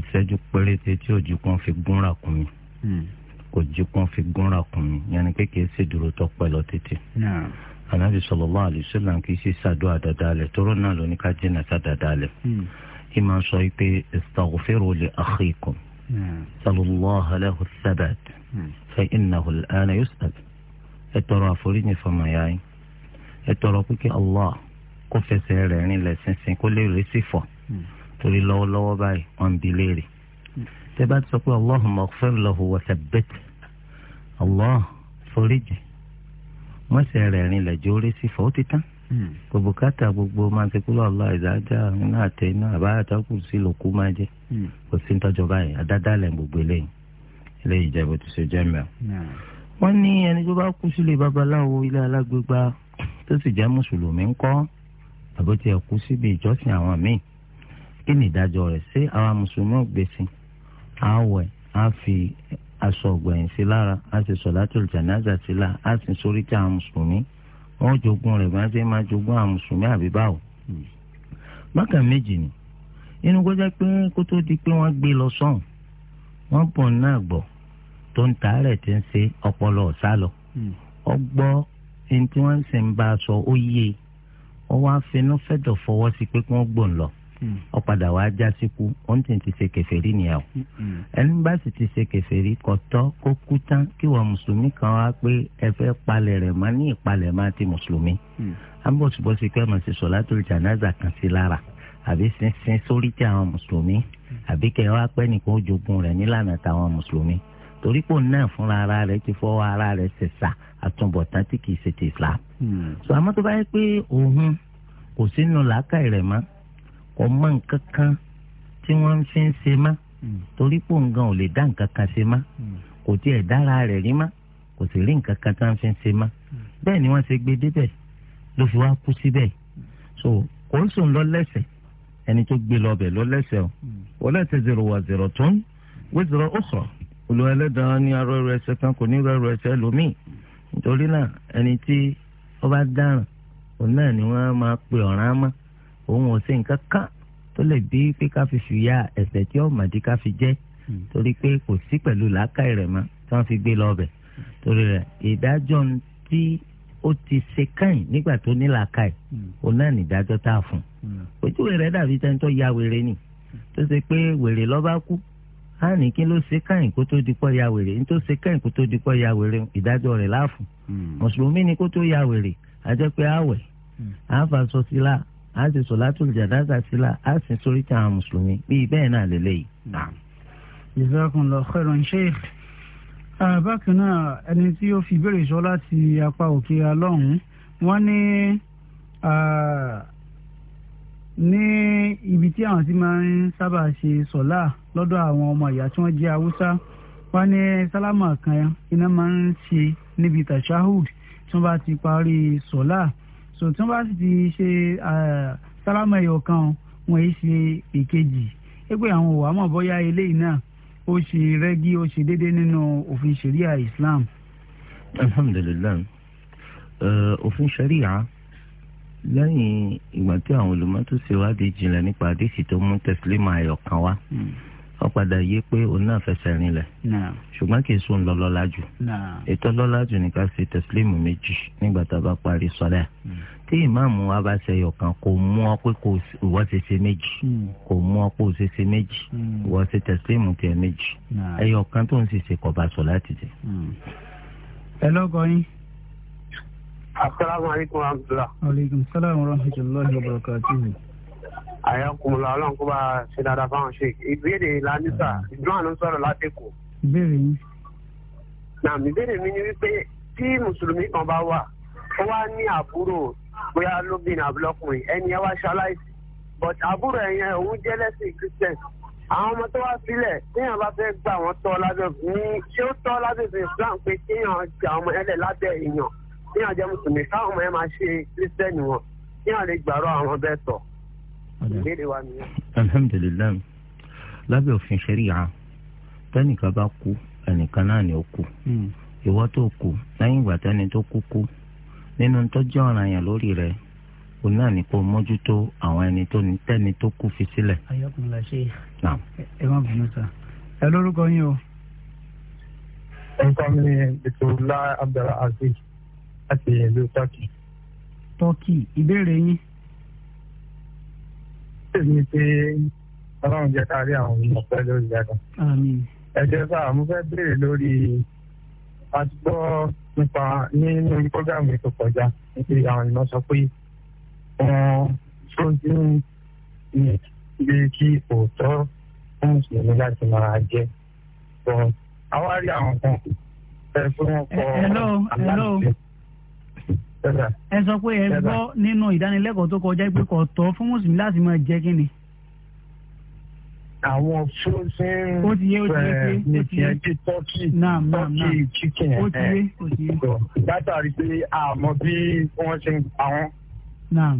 ìṣẹ́jú péréte tí òjì kan fi gúnra kùn mí hmm. kò kan fi gúnra kùn mí yẹn ni pé kì í ṣèdúró tọpẹ lọ títí anabi sallallahu alaihi wasallam kì í ṣe ṣàdúrà dáadáa lẹ tọrọ náà lọ ní ká jìnnà sá dáadáa lẹ. Hmm. kí máa sọ pé istaghfiru li akhikum hmm. sallallahu lahu thabat hmm. fa innahu al-ana yus'al ẹ tọrọ àforíjì fọmọ ya yín ẹ tọrọ pé kí allah kó fẹsẹ̀ rẹ̀ rìn lẹ̀ sínsìn kó lè rí sí fọ̀ torí lọ́wọ́lọ́wọ́ báyìí wọ́n ń léèrè. tẹ́ bá ti sọ pé allahumma ighfir lahu wa thabbit mọ́sẹ̀ rẹ̀ rinlẹ̀ jó rí sí fọ́ ti tán hmm. kò bùkátà gbogbo máa ti kúlọ̀ lọ ìdájà iná àtẹ iná àbáyàtọ̀ kù sí lòkú máa jẹ hmm. kò sí nítọ́jọ́ báyìí àdádálẹ̀ gbogbo eléyìí eléyìí jẹ́ bó ti ṣe jẹ́ mẹ́ọ̀. Hmm. wọ́n ní ẹni tó bá kú sílé babaláwo ilé alágbègbà tó sì jẹ́ mùsùlùmí ńkọ́ àbó tiẹ̀ kú síbi ìjọsìn àwọn míì kí ni ìdájọ́ rẹ̀ ṣé àwa mùsùlùmí ò gbèsè aṣọ ọ̀gbẹ̀yìn sí lára a sì sọ̀látùl jánásà sí la a sì sórí tí àwọn mùsùlùmí wọn jogún rẹ̀ bá ṣe máa jogún àwọn mùsùlùmí àbí báwo. bákan méjì ni inú kó jẹ́ pé kó tó di pé wọ́n gbé lọ sọ́hùn wọ́n bọ̀ náà gbọ̀ tó ń taarẹ̀ ti ń ṣe ọpọlọ ọ̀sá lọ ọgbọ́ ẹni tí wọ́n ń sìn bá a sọ ó yé ọ wá finú fẹ́dọ̀ fọwọ́ sí pé kí wọ́n gbòǹ lọ. Hmm. ọ̀padà wàá já síkú ó ń tì ti ṣe kèfèrí nìyà o hmm, hmm. ẹni bá sì ti ṣe kèfèrí kò tọ́ kó kú tán kí wọ́n mùsùlùmí kan wá pé ẹ fẹ́ palẹ̀ rẹ̀ mọ́ ní ìpalẹ̀ máa ti mùsùlùmí ambọ̀sibọ́sí pé màá ṣe sọ̀látù jánásà kan sí lára àbí sínsín sórí tí àwọn mùsùlùmí àbí kẹ́ wá pẹ́ nìkan ó jogún nílànà táwọn mùsùlùmí torí pò náà fúnra ara rẹ̀ ti fọwọ́ ara rẹ̀ ṣẹ̀ṣà àtúbọ̀tán tí kìí ṣe ti Islam. sọ àmọ́ tó bá yẹ pé òun kò sínú làákàyè rẹ̀ mọ́ kò nǹkan kan tí wọ́n fi ń ṣe má hmm. torí pò ń ò lè dá nǹkan kan ṣe má hmm. kò tiẹ̀ dára rẹ̀ rí má kò sì rí nǹkan kan tí wọ́n fi ń ṣe má hmm. bẹ́ẹ̀ ni wọ́n ṣe gbé débẹ̀ ló fi wá kú síbẹ̀ so kò ń sùn lọ lẹ́sẹ̀ ẹni tó gbé lọ bẹ̀ lọ lẹ́sẹ̀ o wọlé ti zero wa zero tó wí zero ó sọ olùwà ẹlẹ́dàá ní arọ ẹrù ẹsẹ̀ kan kò ní rẹrù ẹsẹ̀ lómi nítorí náà ẹni tí ó dáràn òun náà ni wọ́n máa pe ọ̀ràn á máa òun ò ṣe nǹkan kan tó lè bí pé ká fi fìyà ẹ̀ṣẹ̀ tí ó màdí ká fi jẹ hmm. torí pé kò sí pẹ̀lú làákàyè rẹ̀ mọ́ tí wọ́n fi gbé lọ ọbẹ̀ torí rẹ̀ ìdájọ́ tí ó ti ṣe káyìn nígbà tó ní làákàyè hmm. òun náà nìdájọ́ tá a fún hmm. ojú rẹ̀ dàbí tẹ́ni tó ya wèrè ni tó ṣe pé wèrè ló bá kú a ní kí ló ṣe káyìn kó tó di pọ́ ya wèrè ní tó ṣe káyìn kó tó di pọ́ ya wèrè ìdájọ́ rẹ̀ láàfún mùsùlùmí ni kó tó ya wèrè àjẹpẹ́ àwẹ̀ àfàsọsílà a sì solatul janaza sílà a sì sórí tí àwọn mùsùlùmí bíi bẹ́ẹ̀ náà lélẹ́yìí. jazakumullahu khairan sheikh bákan náà ẹni tí ó fi ìbéèrè sọ láti apá òkè alọ́hún wọ́n ní ní ibi tí àwọn ti máa ń sábà ṣe sọ̀lá lọ́dọ̀ àwọn ọmọ ìyá tí wọ́n jẹ́ haúsá wọ́n ní sálámà kan iná máa ń ṣe níbi tashahud tí wọ́n bá ti parí sọ̀lá so tí wọ́n bá sì ti ṣe eh, sálámà ẹ̀yọ̀ kan wọn èyí ṣe èkejì é pé àwọn òwà mọ̀ bóyá eléyìí náà ó ṣe rẹ́gí ó ṣe déédé nínú òfin ṣẹ̀ríà Islam. alhamdulilayi eh, òfin ṣẹ̀ríà lẹ́yìn ìgbà tí àwọn olùmọ́tò ṣèwádìí jìnlẹ̀ nípa àdéhìí tó mú tẹ̀sílẹ̀ máa yọ̀ kan wá. Hmm wọ́n padà yé pé òun náà fẹsẹ̀ rinlẹ̀ ṣùgbọ́n kì í sùn lọ́lọ́lá jù ètò lọ́lá jù ní ká ṣe tẹ̀sílímù méjì nígbà tá a bá parí sọ́lá hmm. tí ìmáàmù wa bá ṣe yọ̀kan kò mú ọ pé kò ìwọ ṣe ṣe méjì hmm. kò mú ọ pé ò ṣe ṣe méjì hmm. ìwọ ṣe tẹ̀sílímù tiẹ̀ méjì ẹyọ̀kan tó ń ṣe ṣe kọ̀ bá sọ láti jẹ. ẹ lọ́gọ́ yín. asalaamualeykum wa rahmatulah. aleykum salaam wa rahmatulahi wa barakatuhu àyà kùmùlà ọlọ́run kó bá ṣe dáadáa fáwọn ṣe ìbéèrè lanisa ìdúrà ló ń sọ̀rọ̀ látẹ̀kọ̀. ìbéèrè yìí. nà ìbéèrè mi ni wípé tí mùsùlùmí kan bá wà ó wá ní àbúrò bóyá lóbìnrin àbúlọ́kùnrin ẹni ẹ wá ṣaláìsí but àbúrò ẹ yẹn òun jẹ́ lẹ́sìn christian àwọn ọmọ tó wá sílẹ̀ téèyàn bá fẹ́ gbà wọ́n tọ́ lábẹ́ ní ṣé ó tọ́ lábẹ́ òfin islam pé kéèyàn ti àwọn ọmọ ẹlẹ̀ lábẹ́ èèyàn kéèyàn jẹ́ mùsùlùmí káwọn ọmọ ẹ máa ṣe kírísítẹ́nì wọn kéèyàn lè gbàrọ̀ àwọn bẹ́ẹ̀ tọ̀ ìbéèrè wa nìyẹn. alhamdulilayi lábẹ́ òfin ṣẹ́ríyà tẹ́nìkan bá kú ẹnìkan náà ni ó kú hmm. ìwọ tó kú lẹ́yìn ìgbà tẹ́ni tó kú kú nínú tó jẹ́ ọ̀ràn yẹn lórí rẹ̀ òun náà ní kó mójútó àwọn ẹni tó ní tẹ́ni tó kú fi sílẹ̀. ayọkùnrin la ṣe ẹ má bínú sa ẹ lórúkọ yín o. nǹkan mi ètò ọlá abdulrahazi láti ìlú turkey. turkey ìbéèrè yín èmi pé ọlọ́run jẹ́ ká rí àwọn ọ̀pẹ lórí ẹ̀rọ. ẹ jẹ́ sá mo fẹ́ béèrè lórí àtúgbọ́ nípa nínú program tó kọjá nítorí àwọn ènìyàn sọ pé wọ́n tó ń gbé kí òótọ́ fún mùsùlùmí láti máa jẹ́ bọ́n àwọn kan ẹ fún wọn kọ àlàyé ẹ sọ pé ẹ gbọ́ nínú ìdánilẹ́kọ̀ọ́ tó kọjá pé kò tọ́ fún mùsùlùmí láti máa jẹ kí ni. àwọn fúnṣẹ́ ẹ̀ nìyẹn ti tọ́kì tọ́kì chicken ẹ̀ eh. látàrí pé àmọ́ bí wọ́n ṣe ń pa wọ́n.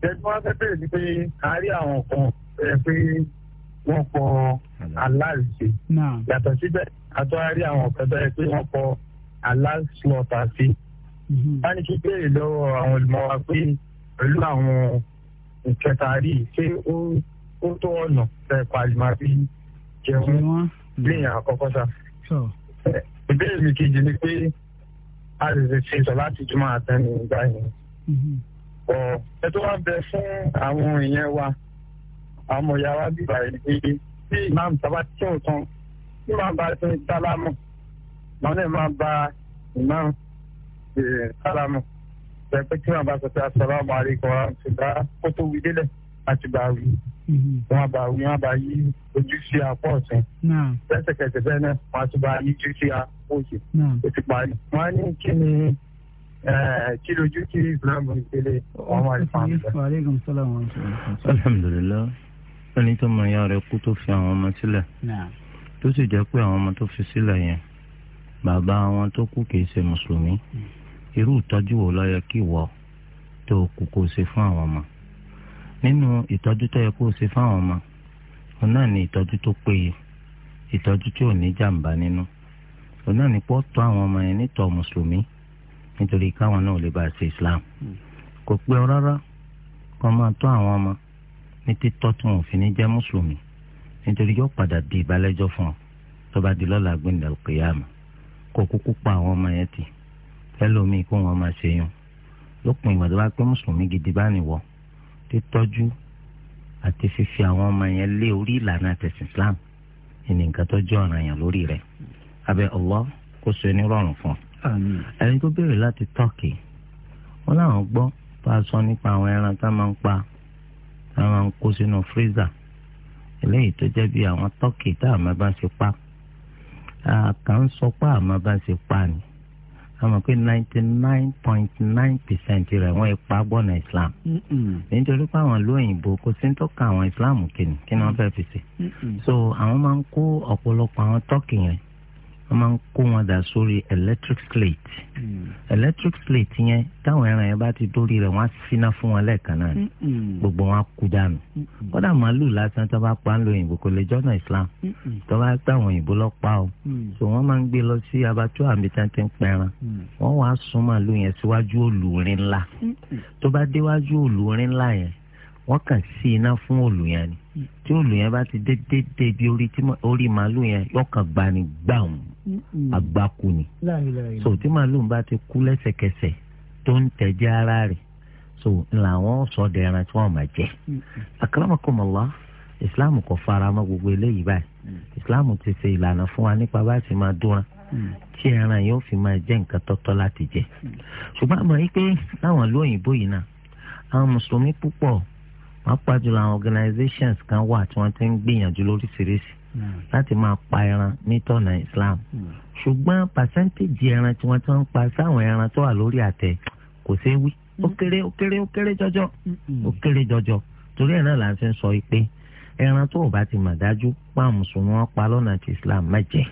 ṣẹ́gun wá fẹ́ bẹ̀rẹ̀ sí pé a rí àwọn kan ẹ̀ eh, pé wọ́n kọ aláìsè yàtọ̀ síbẹ̀ àtọ́ a rí àwọn kan bẹ́ẹ̀ pé wọ́n kọ aláṣọta sí. Mm-hmm. wọ́n ní kí béèrè lọ́wọ́ àwọn olùmọ̀ wa pé pẹ̀lú àwọn ìkẹta rí i ṣé ó tó ọ̀nà fẹ́ palima bí jẹun léyìn àkọ́kọ́ sá. ìbéèrè mi kejì ni pé a lè lè ṣe sọ láti jùmọ̀ àtẹnu ìgbà yẹn. Mm-hmm. ọ̀ ẹ tó wá bẹ fún àwọn èèyàn wa àwọn ìyá wa bíbá ẹ̀ ní pé tí ìmáàmù sábà tí ò tán tí màá bá ti ń sálámù wọn náà máa bá ìmọ̀ kálámù pẹ̀pẹ́ tí wọ́n bá sọ pé asọ́lámù àríkọ́ ṣùgbọ́n kó tó wí délẹ̀ àti mm-hmm. bá wí wọ́n bá wí wọ́n bá yí ojú sí apá ọ̀tún lẹ́sẹ̀kẹsẹ̀ bẹ́ẹ̀ náà wọ́n á tún bá yí ojú sí apá òsì ó ti parí. wọ́n á ní kí ni kí lójú kí islam ìpele wọ́n wà ní fàmù. alhamdulilayi ẹni tó mọ ìyá rẹ̀ kú tó fi àwọn ọmọ sílẹ̀ tó sì jẹ́ pé àwọn ọmọ tó fi sílẹ̀ yẹn bàbá wọn tó kú kìí ṣe mùsùlùmí irú ìtọ́jú wo ló yẹ kí wọ́ tó kú kó ṣe fún àwọn ọmọ nínú ìtọ́jú tó yẹ kó ṣe fún àwọn ọmọ òun náà ni ìtọ́jú tó péye ìtọ́jú tí ò ní jàǹbá nínú òun náà ni pọ́ tọ́ àwọn ọmọ yẹn nítọ́ mùsùlùmí nítorí káwọn náà lè bá ṣe islam kò pé ọ rárá kó máa tọ́ àwọn ọmọ ní títọ́ tí wọn ò fi ní jẹ́ mùsùlùmí nítorí yóò padà di ìbálẹ́jọ́ fún ọ tó bá di lọ́la gbẹ̀ndẹ̀ òkèèyàn kó kúkú pa àwọn ọmọ yẹn tì ẹlòmíì kó wọn máa ṣe yun lópin ìgbà tó bá pé mùsùlùmí gidi bá nìwọ títọ́jú àti fífi àwọn ọmọ yẹn lé orí ìlànà tẹ̀sìn Islam ìní nǹkan tó jẹ́ ọ̀ràn yẹn lórí rẹ̀ abẹ́ Allah kó so ní rọrùn fún un. ẹni tó béèrè láti tọ́kì wọn làwọn gbọ́ bá a sọ nípa àwọn ẹran tá a máa ń pa tá a máa ń kó sínú fírísà eléyìí tó jẹ́ bí àwọn tọ́kì tá a máa bá ṣe pa àkàn sọ pé àmọ́ bá ṣe pa ni àmọ́ pé ninety nine point nine percent rẹ̀ wọ́n pa gbọ́nà islam nítorí pé àwọn lóyìnbó kò sí ń tọ́ka àwọn islam kìnnì kí ni fi ṣe so àwọn máa ń kó ọ̀pọ̀lọpọ̀ àwọn tọ́kì yẹn wọ́n máa ń kó wọn dà sórí electric slate hmm. electric slate yẹn táwọn ẹran yẹn bá ti dórí rẹ̀ wọ́n á síná fún wọn lẹ́ẹ̀kan náà hmm. gbogbo wọn á kú dànù hmm. kódà màálù lásán tó bá pa ń lo òyìnbó kò lè jọ́nà islam tó bá gbà wọn òyìnbó lọ pa o so wọ́n máa ń gbé lọ sí abattoir àmì tẹ́ntẹ́ ń pẹran wọ́n wàá sún màálù yẹn síwájú olùrin ńlá tó bá déwájú olùrin ńlá yẹn wọ́n kàn sí iná fún olùyàn ni mm. tí olùyàn bá ti dédé débi orí màálù yẹn yọkàn gbani gbàm àgbákù ni so tí màálù bá ti kú lẹ́sẹ̀kẹsẹ̀ tó ń tẹ̀jẹ̀ ara rẹ̀ so làwọn sọ dẹran tí wọ́n máa jẹ akramakumullah islam kò fara mọ́ gbogbo eléyìí báyìí mm. islam ti ṣe ìlànà fún wa nípa bá a ti máa dúnra mm. tí ẹran yóò fi máa jẹ nǹkan tọ́tọ́ láti jẹ ṣùgbọ́n àmọ́ yìí pé láwọn ìlú òyìnbó yìí náà àwọn mùsùlùmí púpọ̀ pàápàá jùlọ àwọn organizations kan wà tí wọ́n ti ń gbìyànjú lóríṣiríṣi hmm. láti máa pa ẹran nítọ̀nà Islam hmm. ṣùgbọ́n pàṣẹ́ntéèjì ẹran tí wọ́n ti ń pa sáwọn ẹran tó wà lórí àtẹ kò ṣeé wí hmm. ó kéré ó kéré ó kéré jọjọ ó kéré jọjọ torí ẹ̀ náà là ń fi sọ pé ẹran tó o bá ti mà dájú pa mùsùlùmí wọn pa lọ́nà ti islam má jẹ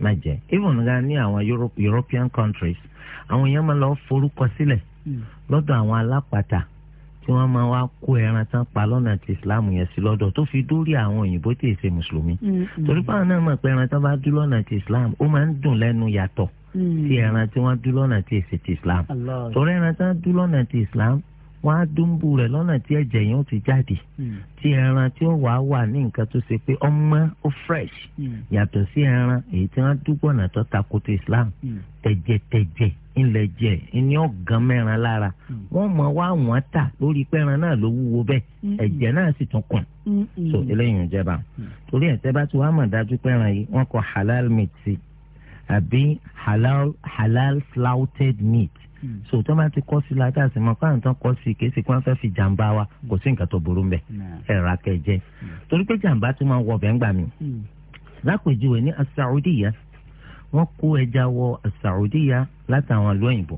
má jẹ even ga ní àwọn Europe, european countries àwọn èèyàn máa lọ forúkọ sílẹ̀ lọ́dọ̀ àwọn alápàtà tí wọ́n máa wá kó ẹran tán pa lọ́nà ti islam yẹn sí lọ́dọ̀ tó fi dórí àwọn òyìnbó tí èsè mùsùlùmí mm, mm. torí báwọn náà mọ̀ pé ẹran tán bá dúró lọ́nà ti islam ó máa ń dùn lẹ́nu yàtọ̀ mm. sí ẹran tí wọ́n dúró lọ́nà ti èsè ti islam torí ẹran tán dúró lọ́nà ti islam wọ́n á dúnbù rẹ̀ lọ́nà tí ẹ̀jẹ̀ yẹn ó ti jáde hmm. tí ẹran tí ó wàá wà ní nǹkan tó ṣe pé ọmọ ó fresh hmm. yàtọ̀ sí ẹran èyí tí wọ́n dúgbọ̀nà tó takoto Islam hmm. tẹ̀jẹ̀tẹ̀jẹ̀ ńlẹ̀ ní ọ̀gán mẹ́ran lára wọ́n mọ̀ wá wọ́n tà lórí pẹ́ran náà ló wúwo bẹ́ẹ̀ ẹ̀jẹ̀ náà sì tún kùn so eléyìí ń jẹba torí ẹ̀ tẹ́ bá ti mọ̀ dájú pẹ́ran yìí wọ́n kọ halal meat sí àbí halal halal slaughtered meat so tó máa ti kọ́ sí la tá a sì mọ fáwọn tán kọ́ sí kì í sì kí wọ́n fẹ́ fi jàǹbá wa kò sí nǹkan tó burú mbẹ̀ ẹ ra kẹ torí pé jàǹbá tó máa wọ ọbẹ̀ ńgbà mi hmm. lápèjúwe ní asaudiya wọ́n kó ẹja wọ asaudiya látàwọn lóyìnbó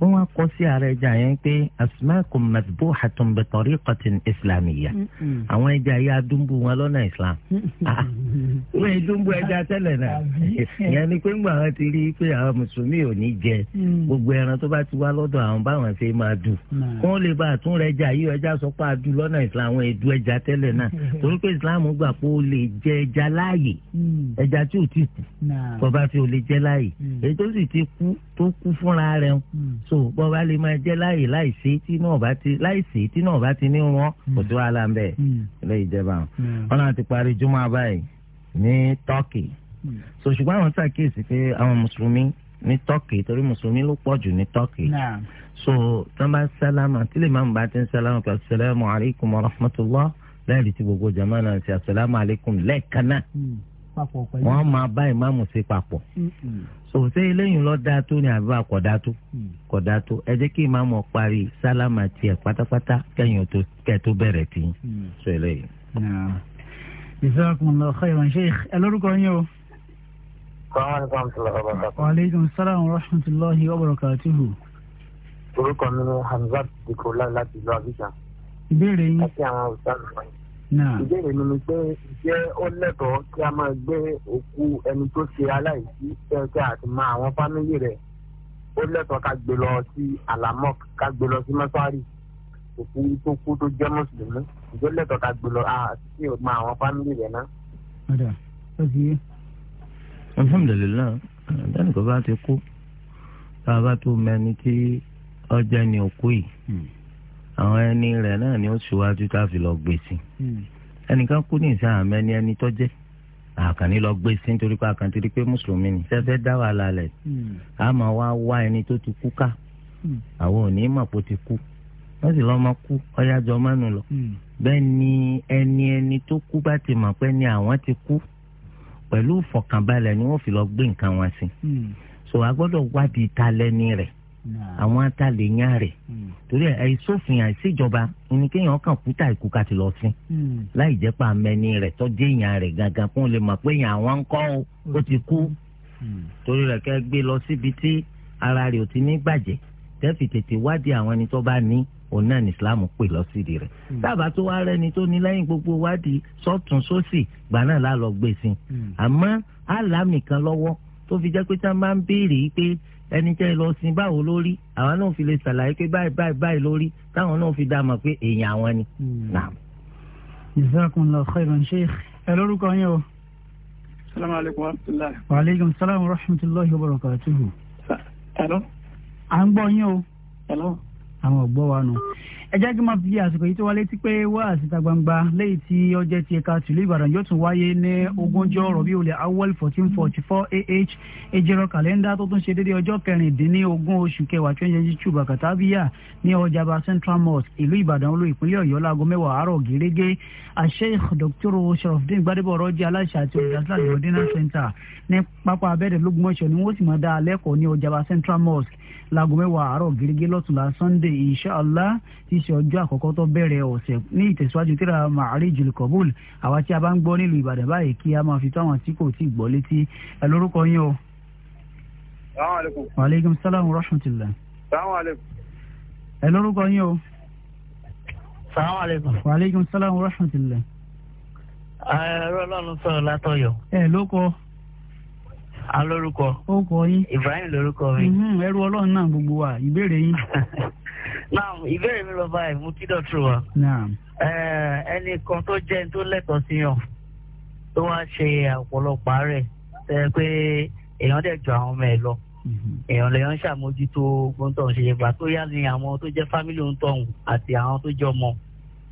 wọ́n wá kọ sí ara ẹja yẹn pé asmaakum madbuhatun bi tariqatin islamiyya àwọn ẹja yìí adúmbù wọn lọ́nà islam ah, wọ́n adúmbù ẹja tẹ́lẹ̀ náà ìyẹn ni pé ńgbà wọn ti rí i pé àwọn mùsùlùmí ò ní jẹ mm. gbogbo ẹran tó bá ti wá lọ́dọ̀ àwọn báwọn ṣe máa dù wọ́n lè bá àtún rẹ ẹja yìí ẹja sọ pé adú lọ́nà islam àwọn edu ẹja tẹ́lẹ̀ náà mm. torí pé islam gbà pé ó lè jẹ ẹja láàyè mm. ẹja tí ò ti kú so bọ́ bá lè máa jẹ́ láì láìsí tí náà bá ti láìsí tí náà bá ti ní wọn kò tó hmm. wàhálà ń bẹ̀ hmm. ilé ìjẹba hmm. ọ̀nà àti parí jùmọ̀ abáyé ní Turkey so ṣùgbọ́n àwọn ṣàkíyèsí pé àwọn mùsùlùmí ní Turkey torí mùsùlùmí ló pọ̀ jù ní Turkey so tí wọ́n bá sálámà tí lè máa ń bá ti ń sálámà pé asalaamu alaykum wa rahmatulah lẹ́yìn tí gbogbo jama ṣe asalaamu alaykum lẹ́ẹ̀kan náà papọ̀ pẹ̀lú. wọ́n máa bá ìmáàmù ṣe papọ̀. sòwòsẹ́ eléyìí lọ dáa tó ni àbí akọ̀dá tó mm. kọ̀dá tó ẹ jẹ́ kí ìmáàmù parí sálámà tiẹ̀ pátápátá kẹ́yìn tó kẹ́ tó bẹ̀rẹ̀ tì í sọ eléyìí. jazakumullahu khairan sheikh ẹ lórúkọ yín o. wa aleykum rahmatulahi wa barakatuhu. orúkọ mi ni hamzat dikola láti ìlú abidjan. ìbéèrè yín. láti àwọn òṣèlú wọ̀nyí ìbéèrè mi ni pé ǹjẹ́ ó lẹ́tọ̀ọ́ kí a máa gbé òkú ẹni tó ṣe aláìsí kẹ́kẹ́ àti mọ àwọn fámìlì rẹ̀ ó lẹ́tọ̀ọ́ ká gbé lọ sí alamok ká gbé lọ sí mọ́ṣúárì òkú tó kú tó jẹ́ mùsùlùmí ǹjẹ́ ó lẹ́tọ̀ọ́ ká gbé lọ sí mọ àwọn fámìlì rẹ̀ náà. ọ̀dà ó ti yé. alhamdulilayi ẹnì kan bá ti kú tá a bá tó mẹni tí ọjà ni òkú yìí. Hmm àwọn ẹni rẹ̀ náà ni ó ṣíwájú tá a fi lọ gbé sí hmm. ẹnìkan kú ní ìsàn àmẹ́ni ẹni tó jẹ́ àkànní lọ gbé sí nítorí pé àkàntì rí pé mùsùlùmí ni fẹ́fẹ́ dá wà lálẹ́ hmm. a máa wá wá ẹni tó ti kú ká hmm. àwọn ò ní mọ̀ pé ó ti kú wọ́n sì lọ́ọ́ máa kú ọ̀yájọ́ mánu lọ bẹ́ẹ̀ ni ẹni ẹni tó kú bá ti mọ̀ pé ni àwọn ti kú pẹ̀lú ìfọ̀kànbalẹ̀ ni wọ́n fi lọ gbé nǹkan wọn sí so a gbọ́dọ̀ wádìí ta lẹ́ni rẹ̀ àwọn atalè yá rẹ̀ hmm. torí àìsófin àìsíjọba ni kéèyàn kàn kúta ìkú ká ti lọ sí hmm. láì jẹ́ pa amẹ́ni rẹ̀ tọ́jú èèyàn rẹ̀ gangan fún lè mọ̀ pé èèyàn àwọn ń kọ́ o ó ti kú hmm. torí rẹ̀ kẹ́ gbé lọ síbi tí ara rẹ̀ ò ti ní bàjẹ́ tẹ́fì tètè wádìí àwọn ẹni tó bá ní òun náà ní islam pè lọ sídìí rẹ̀ dábàá tó wá rẹni tó ní lẹ́yìn gbogbo wádìí sọ́tún sósì gbà náà lá lọ gbé sí àmọ́ àlámì kan lọ́wọ́ tó fi jẹ́ pé tá a máa ń béèrè pé ẹni tẹ́ lọ sin báwo lórí àwọn náà fi lè ṣàlàyé pé báyìí báyìí báyìí lórí táwọn náà fi dá mọ̀ pé èèyàn àwọn ni. Hmm. jazakumullahu khairan sheikh ẹ lórúkọ yín o. salaamu alaykum wa rahmatulah. wa aleykum salaam wa rahmatulahi wa barakatuhu. alo. à ń gbọ́ yín o. alo. àwọn ò gbọ́ wa nù ẹ jẹ́ kí n máa fi àsìkò yìí tó wá létí pé wá àsìta gbangba lẹ́yìn tí ọjọ́ ti ẹ̀ka tìlú ìbàdàn yóò tún wáyé ní ogúnjọ́ Rabiul Awwal fourteen forty four AH ejirọ kàlẹ́ndà tó tún ṣe déédéé ọjọ́ kẹrìndínlógún oṣù kẹwàá twenty twenty two bàkàtàbíyà ní ọjàba central mosque ìlú ìbàdàn olú ìpínlẹ̀ ọ̀yọ́ láago mẹ́wàá àárọ̀ gẹ́gẹ́ Sheikh Dr. sharafdin gbadebo ọrọ́jì aláṣẹ àti olùdásílẹ̀ ọ̀dínà center ní pápá abẹ́rẹ́ lógúnmọ̀ṣọ́ ni wọ́n central mosque láago mẹ́wàá àárọ̀ gẹ́gẹ́ lọ́tùlá sunday inshallah tí í ṣe ọjọ́ àkọ́kọ́ tó bẹ̀rẹ̀ ọ̀sẹ̀ ní ìtẹ̀síwájú tíra Ma'arijul Qabul àwa tí a bá ń gbọ́ nílùú ìbàdàn báyìí kí a máa fi tó àwọn tí kò tí ì gbọ́ létí ẹ lórúkọ yín o. salaamaleykum. waaleykum salaam wa rahmatulah. salaamaleykum. ẹ lórúkọ yín o. salaamaleykum. waaleykum salaam wa rahmatulah. ẹ ló lọ́nu sọ̀rọ̀ látọ̀yọ̀. ẹ ló kọ́ alórúkọ. ó kọ yín. ibrahim lórúkọ mi. Mhm, ẹrú ọlọ́run náà gbogbo wa ìbéèrè yín. naam ìbéèrè mi lọ báyìí mo kí dọ̀tún wa. naam. Eh, ẹnì kan tó jẹ́ ní tó lẹ́tọ̀ọ́ sí yàn tó wá ṣe ọ̀pọ̀lọpọ̀ àárẹ̀ tẹ́ pé èèyàn dẹ̀ jọ àwọn ọmọ ẹ̀ lọ. Mhm. èèyàn lèèyàn ṣàmójútó gbóńtọ̀ ṣe ìgbà tó yá ni àwọn tó jẹ́ fámìlì òǹtọ̀hún àti àwọn tó jẹ́ ọmọ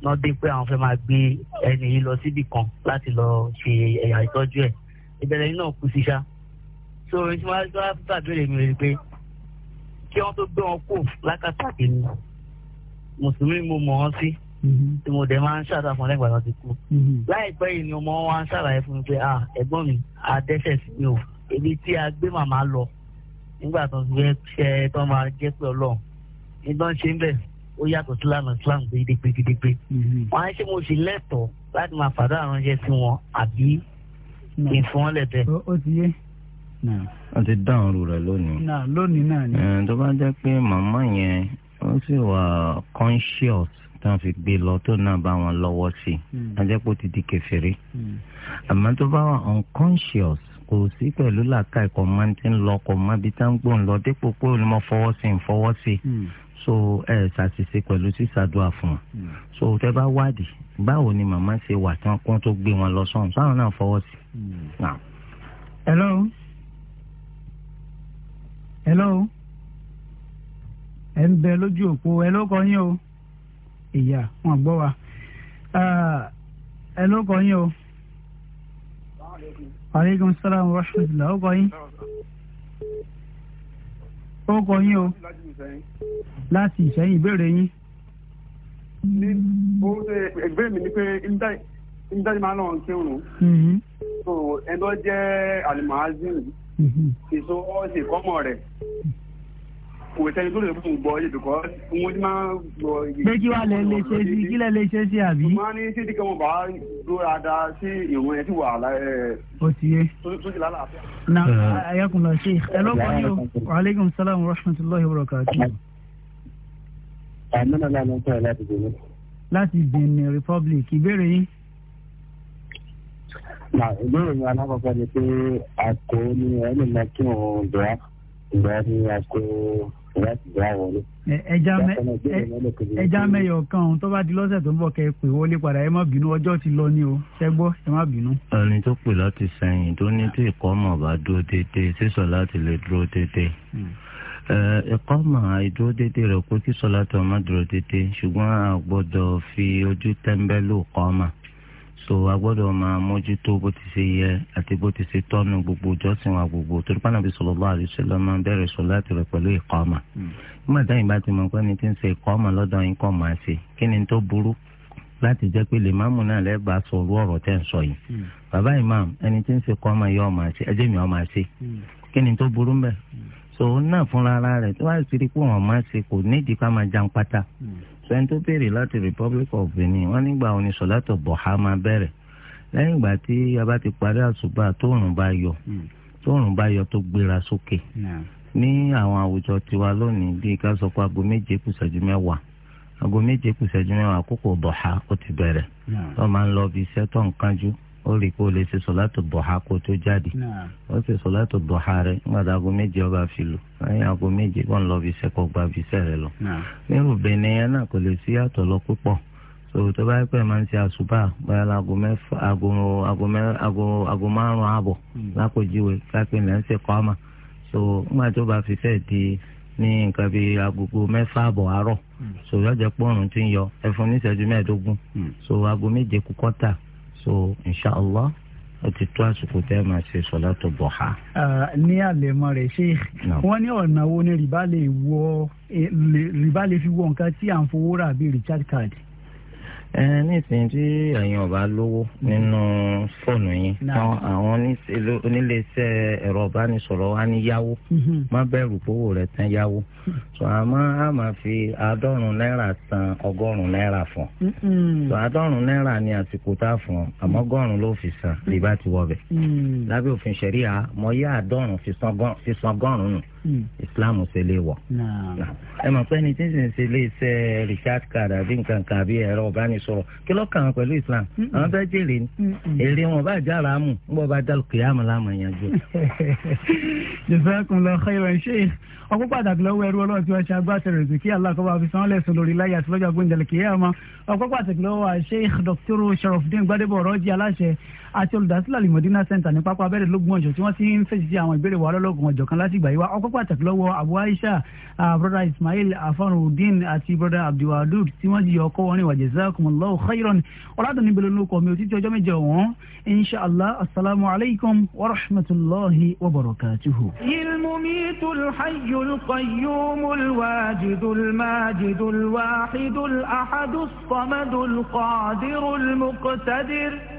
náà dé pé àwọn fẹ́ máa gbé ẹnì yìí lọ síbì kan láti lọ ṣe ìtọ́jú ẹ̀ ìbẹ̀rẹ̀ yìí náà kú síṣá so tí wọ́n tó wá gbàdúrà mi rí pé kí wọ́n tó gbé wọn kó lákàtà kìíní mùsùlùmí mo mọ̀ ọ́n sí mm-hmm. tí mo dẹ̀ máa ń ṣàdá fún lẹ́gbàá lọ́ti kú. Mm-hmm. láìpẹ́ yìí ni ọmọ wa ń ṣàlàyé fún mi pé ah ẹ̀gbọ́n mi a dẹ́sẹ̀ sí mi o ibi tí a gbé màmá lọ nígbà tó ń ṣe tó máa jẹ́ pé ọlọ́run nígbà ń ṣe ń bẹ̀ ó yàtọ̀ sí lánàá islam gidigbe gidigbe. Mm-hmm. wọ́n á ṣe mo ṣe lẹ́tọ̀ọ́ láti máa fàdúrà ránṣẹ́ sí wọn àbí ìfúnlẹ̀ bẹ́ẹ̀. ó ti yé wọ́n ti dá ọ̀rù rẹ̀ lónìí. lónìí náà ni. tó bá jẹ́ pé màmá yẹn ó sì wà conscious tó ń fi gbé lọ tó náà bá wọn lọ́wọ́ sí i hmm. ajẹ́pọ̀ ti di kẹfìrí. Hmm. àmọ́ tó bá wà unconscious kò sí pẹ̀lú làákà ẹ̀kọ́ máa ń ti ń lọ ọkọ̀ máa bí táǹgbò ń lọ dípò pé olùmọ fọwọ́ sí ń fọwọ́ sí i hmm. so ẹ ṣàṣìṣe pẹ̀lú sísàdúrà fún wọn. so tẹ bá wádìí báwo ni màmá ṣe wà tán kó tó gbé wọn lọ sọ́hún sáwọn náà fọwọ́ sí i. hello hello ẹ ń bẹ lójú òpó ẹ ló kọ o ìyá wọn gbọ́ wa ẹ ló kọ o aleykum salaam wa rahmatulah ó kọ yín ó kọ yín o láti ìsẹ́yìn ìbéèrè yín. ní ohun tó ẹgbẹ́ mi ni pé ń dájú máa ń lọ́wọ́ ń kírun. Mm-hmm. ẹ̀dọ́ jẹ́ alimọ̀ azim èso ọ̀sẹ̀ kọ́mọ̀ rẹ̀ kò sẹ́ni tó lè fún un gbọ́ ọ́ ṣètò kọ́ wọ́n ti máa ń gbọ́ ibi. pé kí wàá lẹ lè ṣe sí kí lẹ lè ṣe sí àbí. mo máa ní ṣé tí kẹ́wọ́n bá dóra da sí ìwọ̀n yẹn wà á ẹ̀. ti yé. tó ti lálàáfíà. na ayakun lọ ṣe ẹ lọ kọ́ o waaleykum salaam wa rahmatulahi wa barakatuh. àmì náà làwọn ń sọ̀rọ̀ láti Benin. láti Benin Republic ìbéèrè yín ìbéèrè mi alákọ̀ọ́kọ́ ni pé àkó ni ẹni máa kí òun dùá ìgbà ni àkó láti dùá wọlé. ẹja mẹyọ kan ohun tó bá di lọ́sẹ̀ tó ń bọ̀ kẹ́ ẹ pè wọlé padà ẹ má bínú ọjọ́ ti lọ ní o ṣẹ gbọ́ ẹ má bínú. ẹni tó pè láti sẹ́yìn tó ní tí ìkọ́mọ̀ bá dúró déédéé sísọ láti lè dúró déédéé hmm. ìkọ́mọ̀ àìdúró déédéé rẹ̀ pé kí sọ́lá tó má dúró déédéé ṣùgbọ́n a fi ojú tẹ́ńbẹ́lú kọ́mọ̀ so a gbọ́dọ̀ máa mójútó bó ti ṣe yẹ àti bó ti ṣe tọ́nu gbogbo ìjọsìn wa gbogbo torí pàànàbí sallallahu alaihi wasallam máa ń bẹ̀rẹ̀ sọ̀láàtì rẹ̀ pẹ̀lú ìkọ́mà hmm. nígbà táyìn bá ti mọ̀ pé ẹni tí ń ṣe ìkọ́mà lọ́dọ̀ yín kọ́ máa ṣe kí ni tó burú láti jẹ́ pé lè máàmù náà lẹ́ẹ̀bà sọ orú ọ̀rọ̀ tẹ́ ń sọ yìí hmm. bàbá ìmáàmù ẹni tí ń ṣe kọ́mà yọ ọ̀ máa ṣe ẹjẹ́ mi ọ̀ máa ṣe hmm. kí ni tó burú mbẹ́ so náà fúnra rẹ̀ tí wàá sì rí pé wọ́n máa ṣe kò sẹ́ni tó béèrè láti Republic of Benin wọ́n nígbà wọn ni sọ̀látọ̀ bọ̀há máa bẹ̀rẹ̀ lẹ́yìn ìgbà tí a bá ti parí àṣùbà tóòrùn bá yọ hmm. tóòrùn bá yọ tó gbéra sókè hmm. ní àwọn àwùjọ tiwa lónìí bíi ká sọ pé aago méje kù ìṣẹ́jú mẹ́wàá aago méje kù ìṣẹ́jú mẹ́wàá àkókò bọ̀há ó ti bẹ̀rẹ̀ tó hmm. máa ń lọ bí iṣẹ́ tó ń kánjú ó rí i pé o lè ṣe sọ̀látò dọ̀ha kó tó jáde ó ṣe sọ̀látò dọ̀ha rẹ̀ nígbà tá aago méje ọba fi lò lẹ́yìn aago méje kó ń lọ gba fi ṣẹ́ lọ. nírú benin yẹn náà kò lè sí àtọ̀ lọ púpọ̀ sọ̀rọ̀ tó bá yẹ pé máa ń ṣe àṣùbà aago márùn-ún ààbọ̀ hmm. lápòjúwe ń ṣe kọ́ so nígbà tó bá fi fẹ́ di ní nǹkan bíi agogo mẹ́fà hmm. so ti ń yọ ní hmm. so aago méje kú so inshallah ó ti tó àsìkò tẹ́ máa ṣe sọ̀lá tó bọ̀ ha. ní àlẹ́ mọ́ rẹ̀ ṣe wọ́n ní ọ̀nà wo ni rìbá lè fi wọ nǹkan tí à ń fowó rà bíi recharge card ẹ nísìnyí tí ẹ̀yin ọba lówó nínú fóònù yín àwọn oníléeṣẹ́ ẹ̀rọ ìbánisọ̀rọ̀ wa ní yáwó mm-hmm. má bẹ̀rù pówó rẹ̀ tán yáwó tó mm-hmm. a máa a máa fi àádọ́rùn náírà san ọgọ́rùn náírà fún tó mm-hmm. àádọ́rùn náírà ni àsìkò tá a fún àmọ́ ọgọ́rùn ló fi san rìbá ti wọ̀ bẹ̀ lábẹ́ òfin ṣẹ̀ríà mọ̀ yá àádọ́rùn fi san ọgọ́rùn nù. Hmm. islam ṣe lè wọ̀. ẹ mọ̀ pé ní tí ń ṣe lè ṣe richard card àbí nǹkan kan àbí ẹ̀rọ ọ̀bánisọ̀rọ̀ kí ló kàn án pẹ̀lú islam hmm. àwọn fẹ́ jèrè ni hmm, èrè wọn bá já ara mù ń bọ́ bá dá kìyàmù láàmú ìyànjú. jazakumullahu khairan sheikh ọkọ pàtàkì lọ́wọ́ ẹrú Ọlọ́run tí wọn ṣe agbátẹrù rẹ kí Allah kó bá fi san lẹsùn lórí láyé àti lọ́jọ́ àgbóǹjẹlẹ kìyàmù ọkọ pàtàkì lọ́wọ́ sheikh dr sharafdin gbadebo ọrọjì aláṣẹ àti olùdásílẹ̀ alimọ̀dínà center ní pápá abẹ́rẹ́ lógún ọ̀jọ̀ tí wọ́n ti ń fèsì sí àwọn ìbéèrè wa lọ́lọ́gùn ọ̀jọ̀ kan láti gbà yí wá ọkọ̀ pàtàkì lọ́wọ́ abu aisha broda ismail afanudin àti broda abdulwadud tí wọ́n ti yọ ọkọ̀ wọn ní wàjẹ́ wa jazakumullahu ọ̀làdùn ọ̀làdùnní bẹ̀rẹ̀ lóko mi ò títí ọjọ́ méje wọn insha allah assalamu alaykum wa rahmatulahi wa barakatuhu. المميت الحي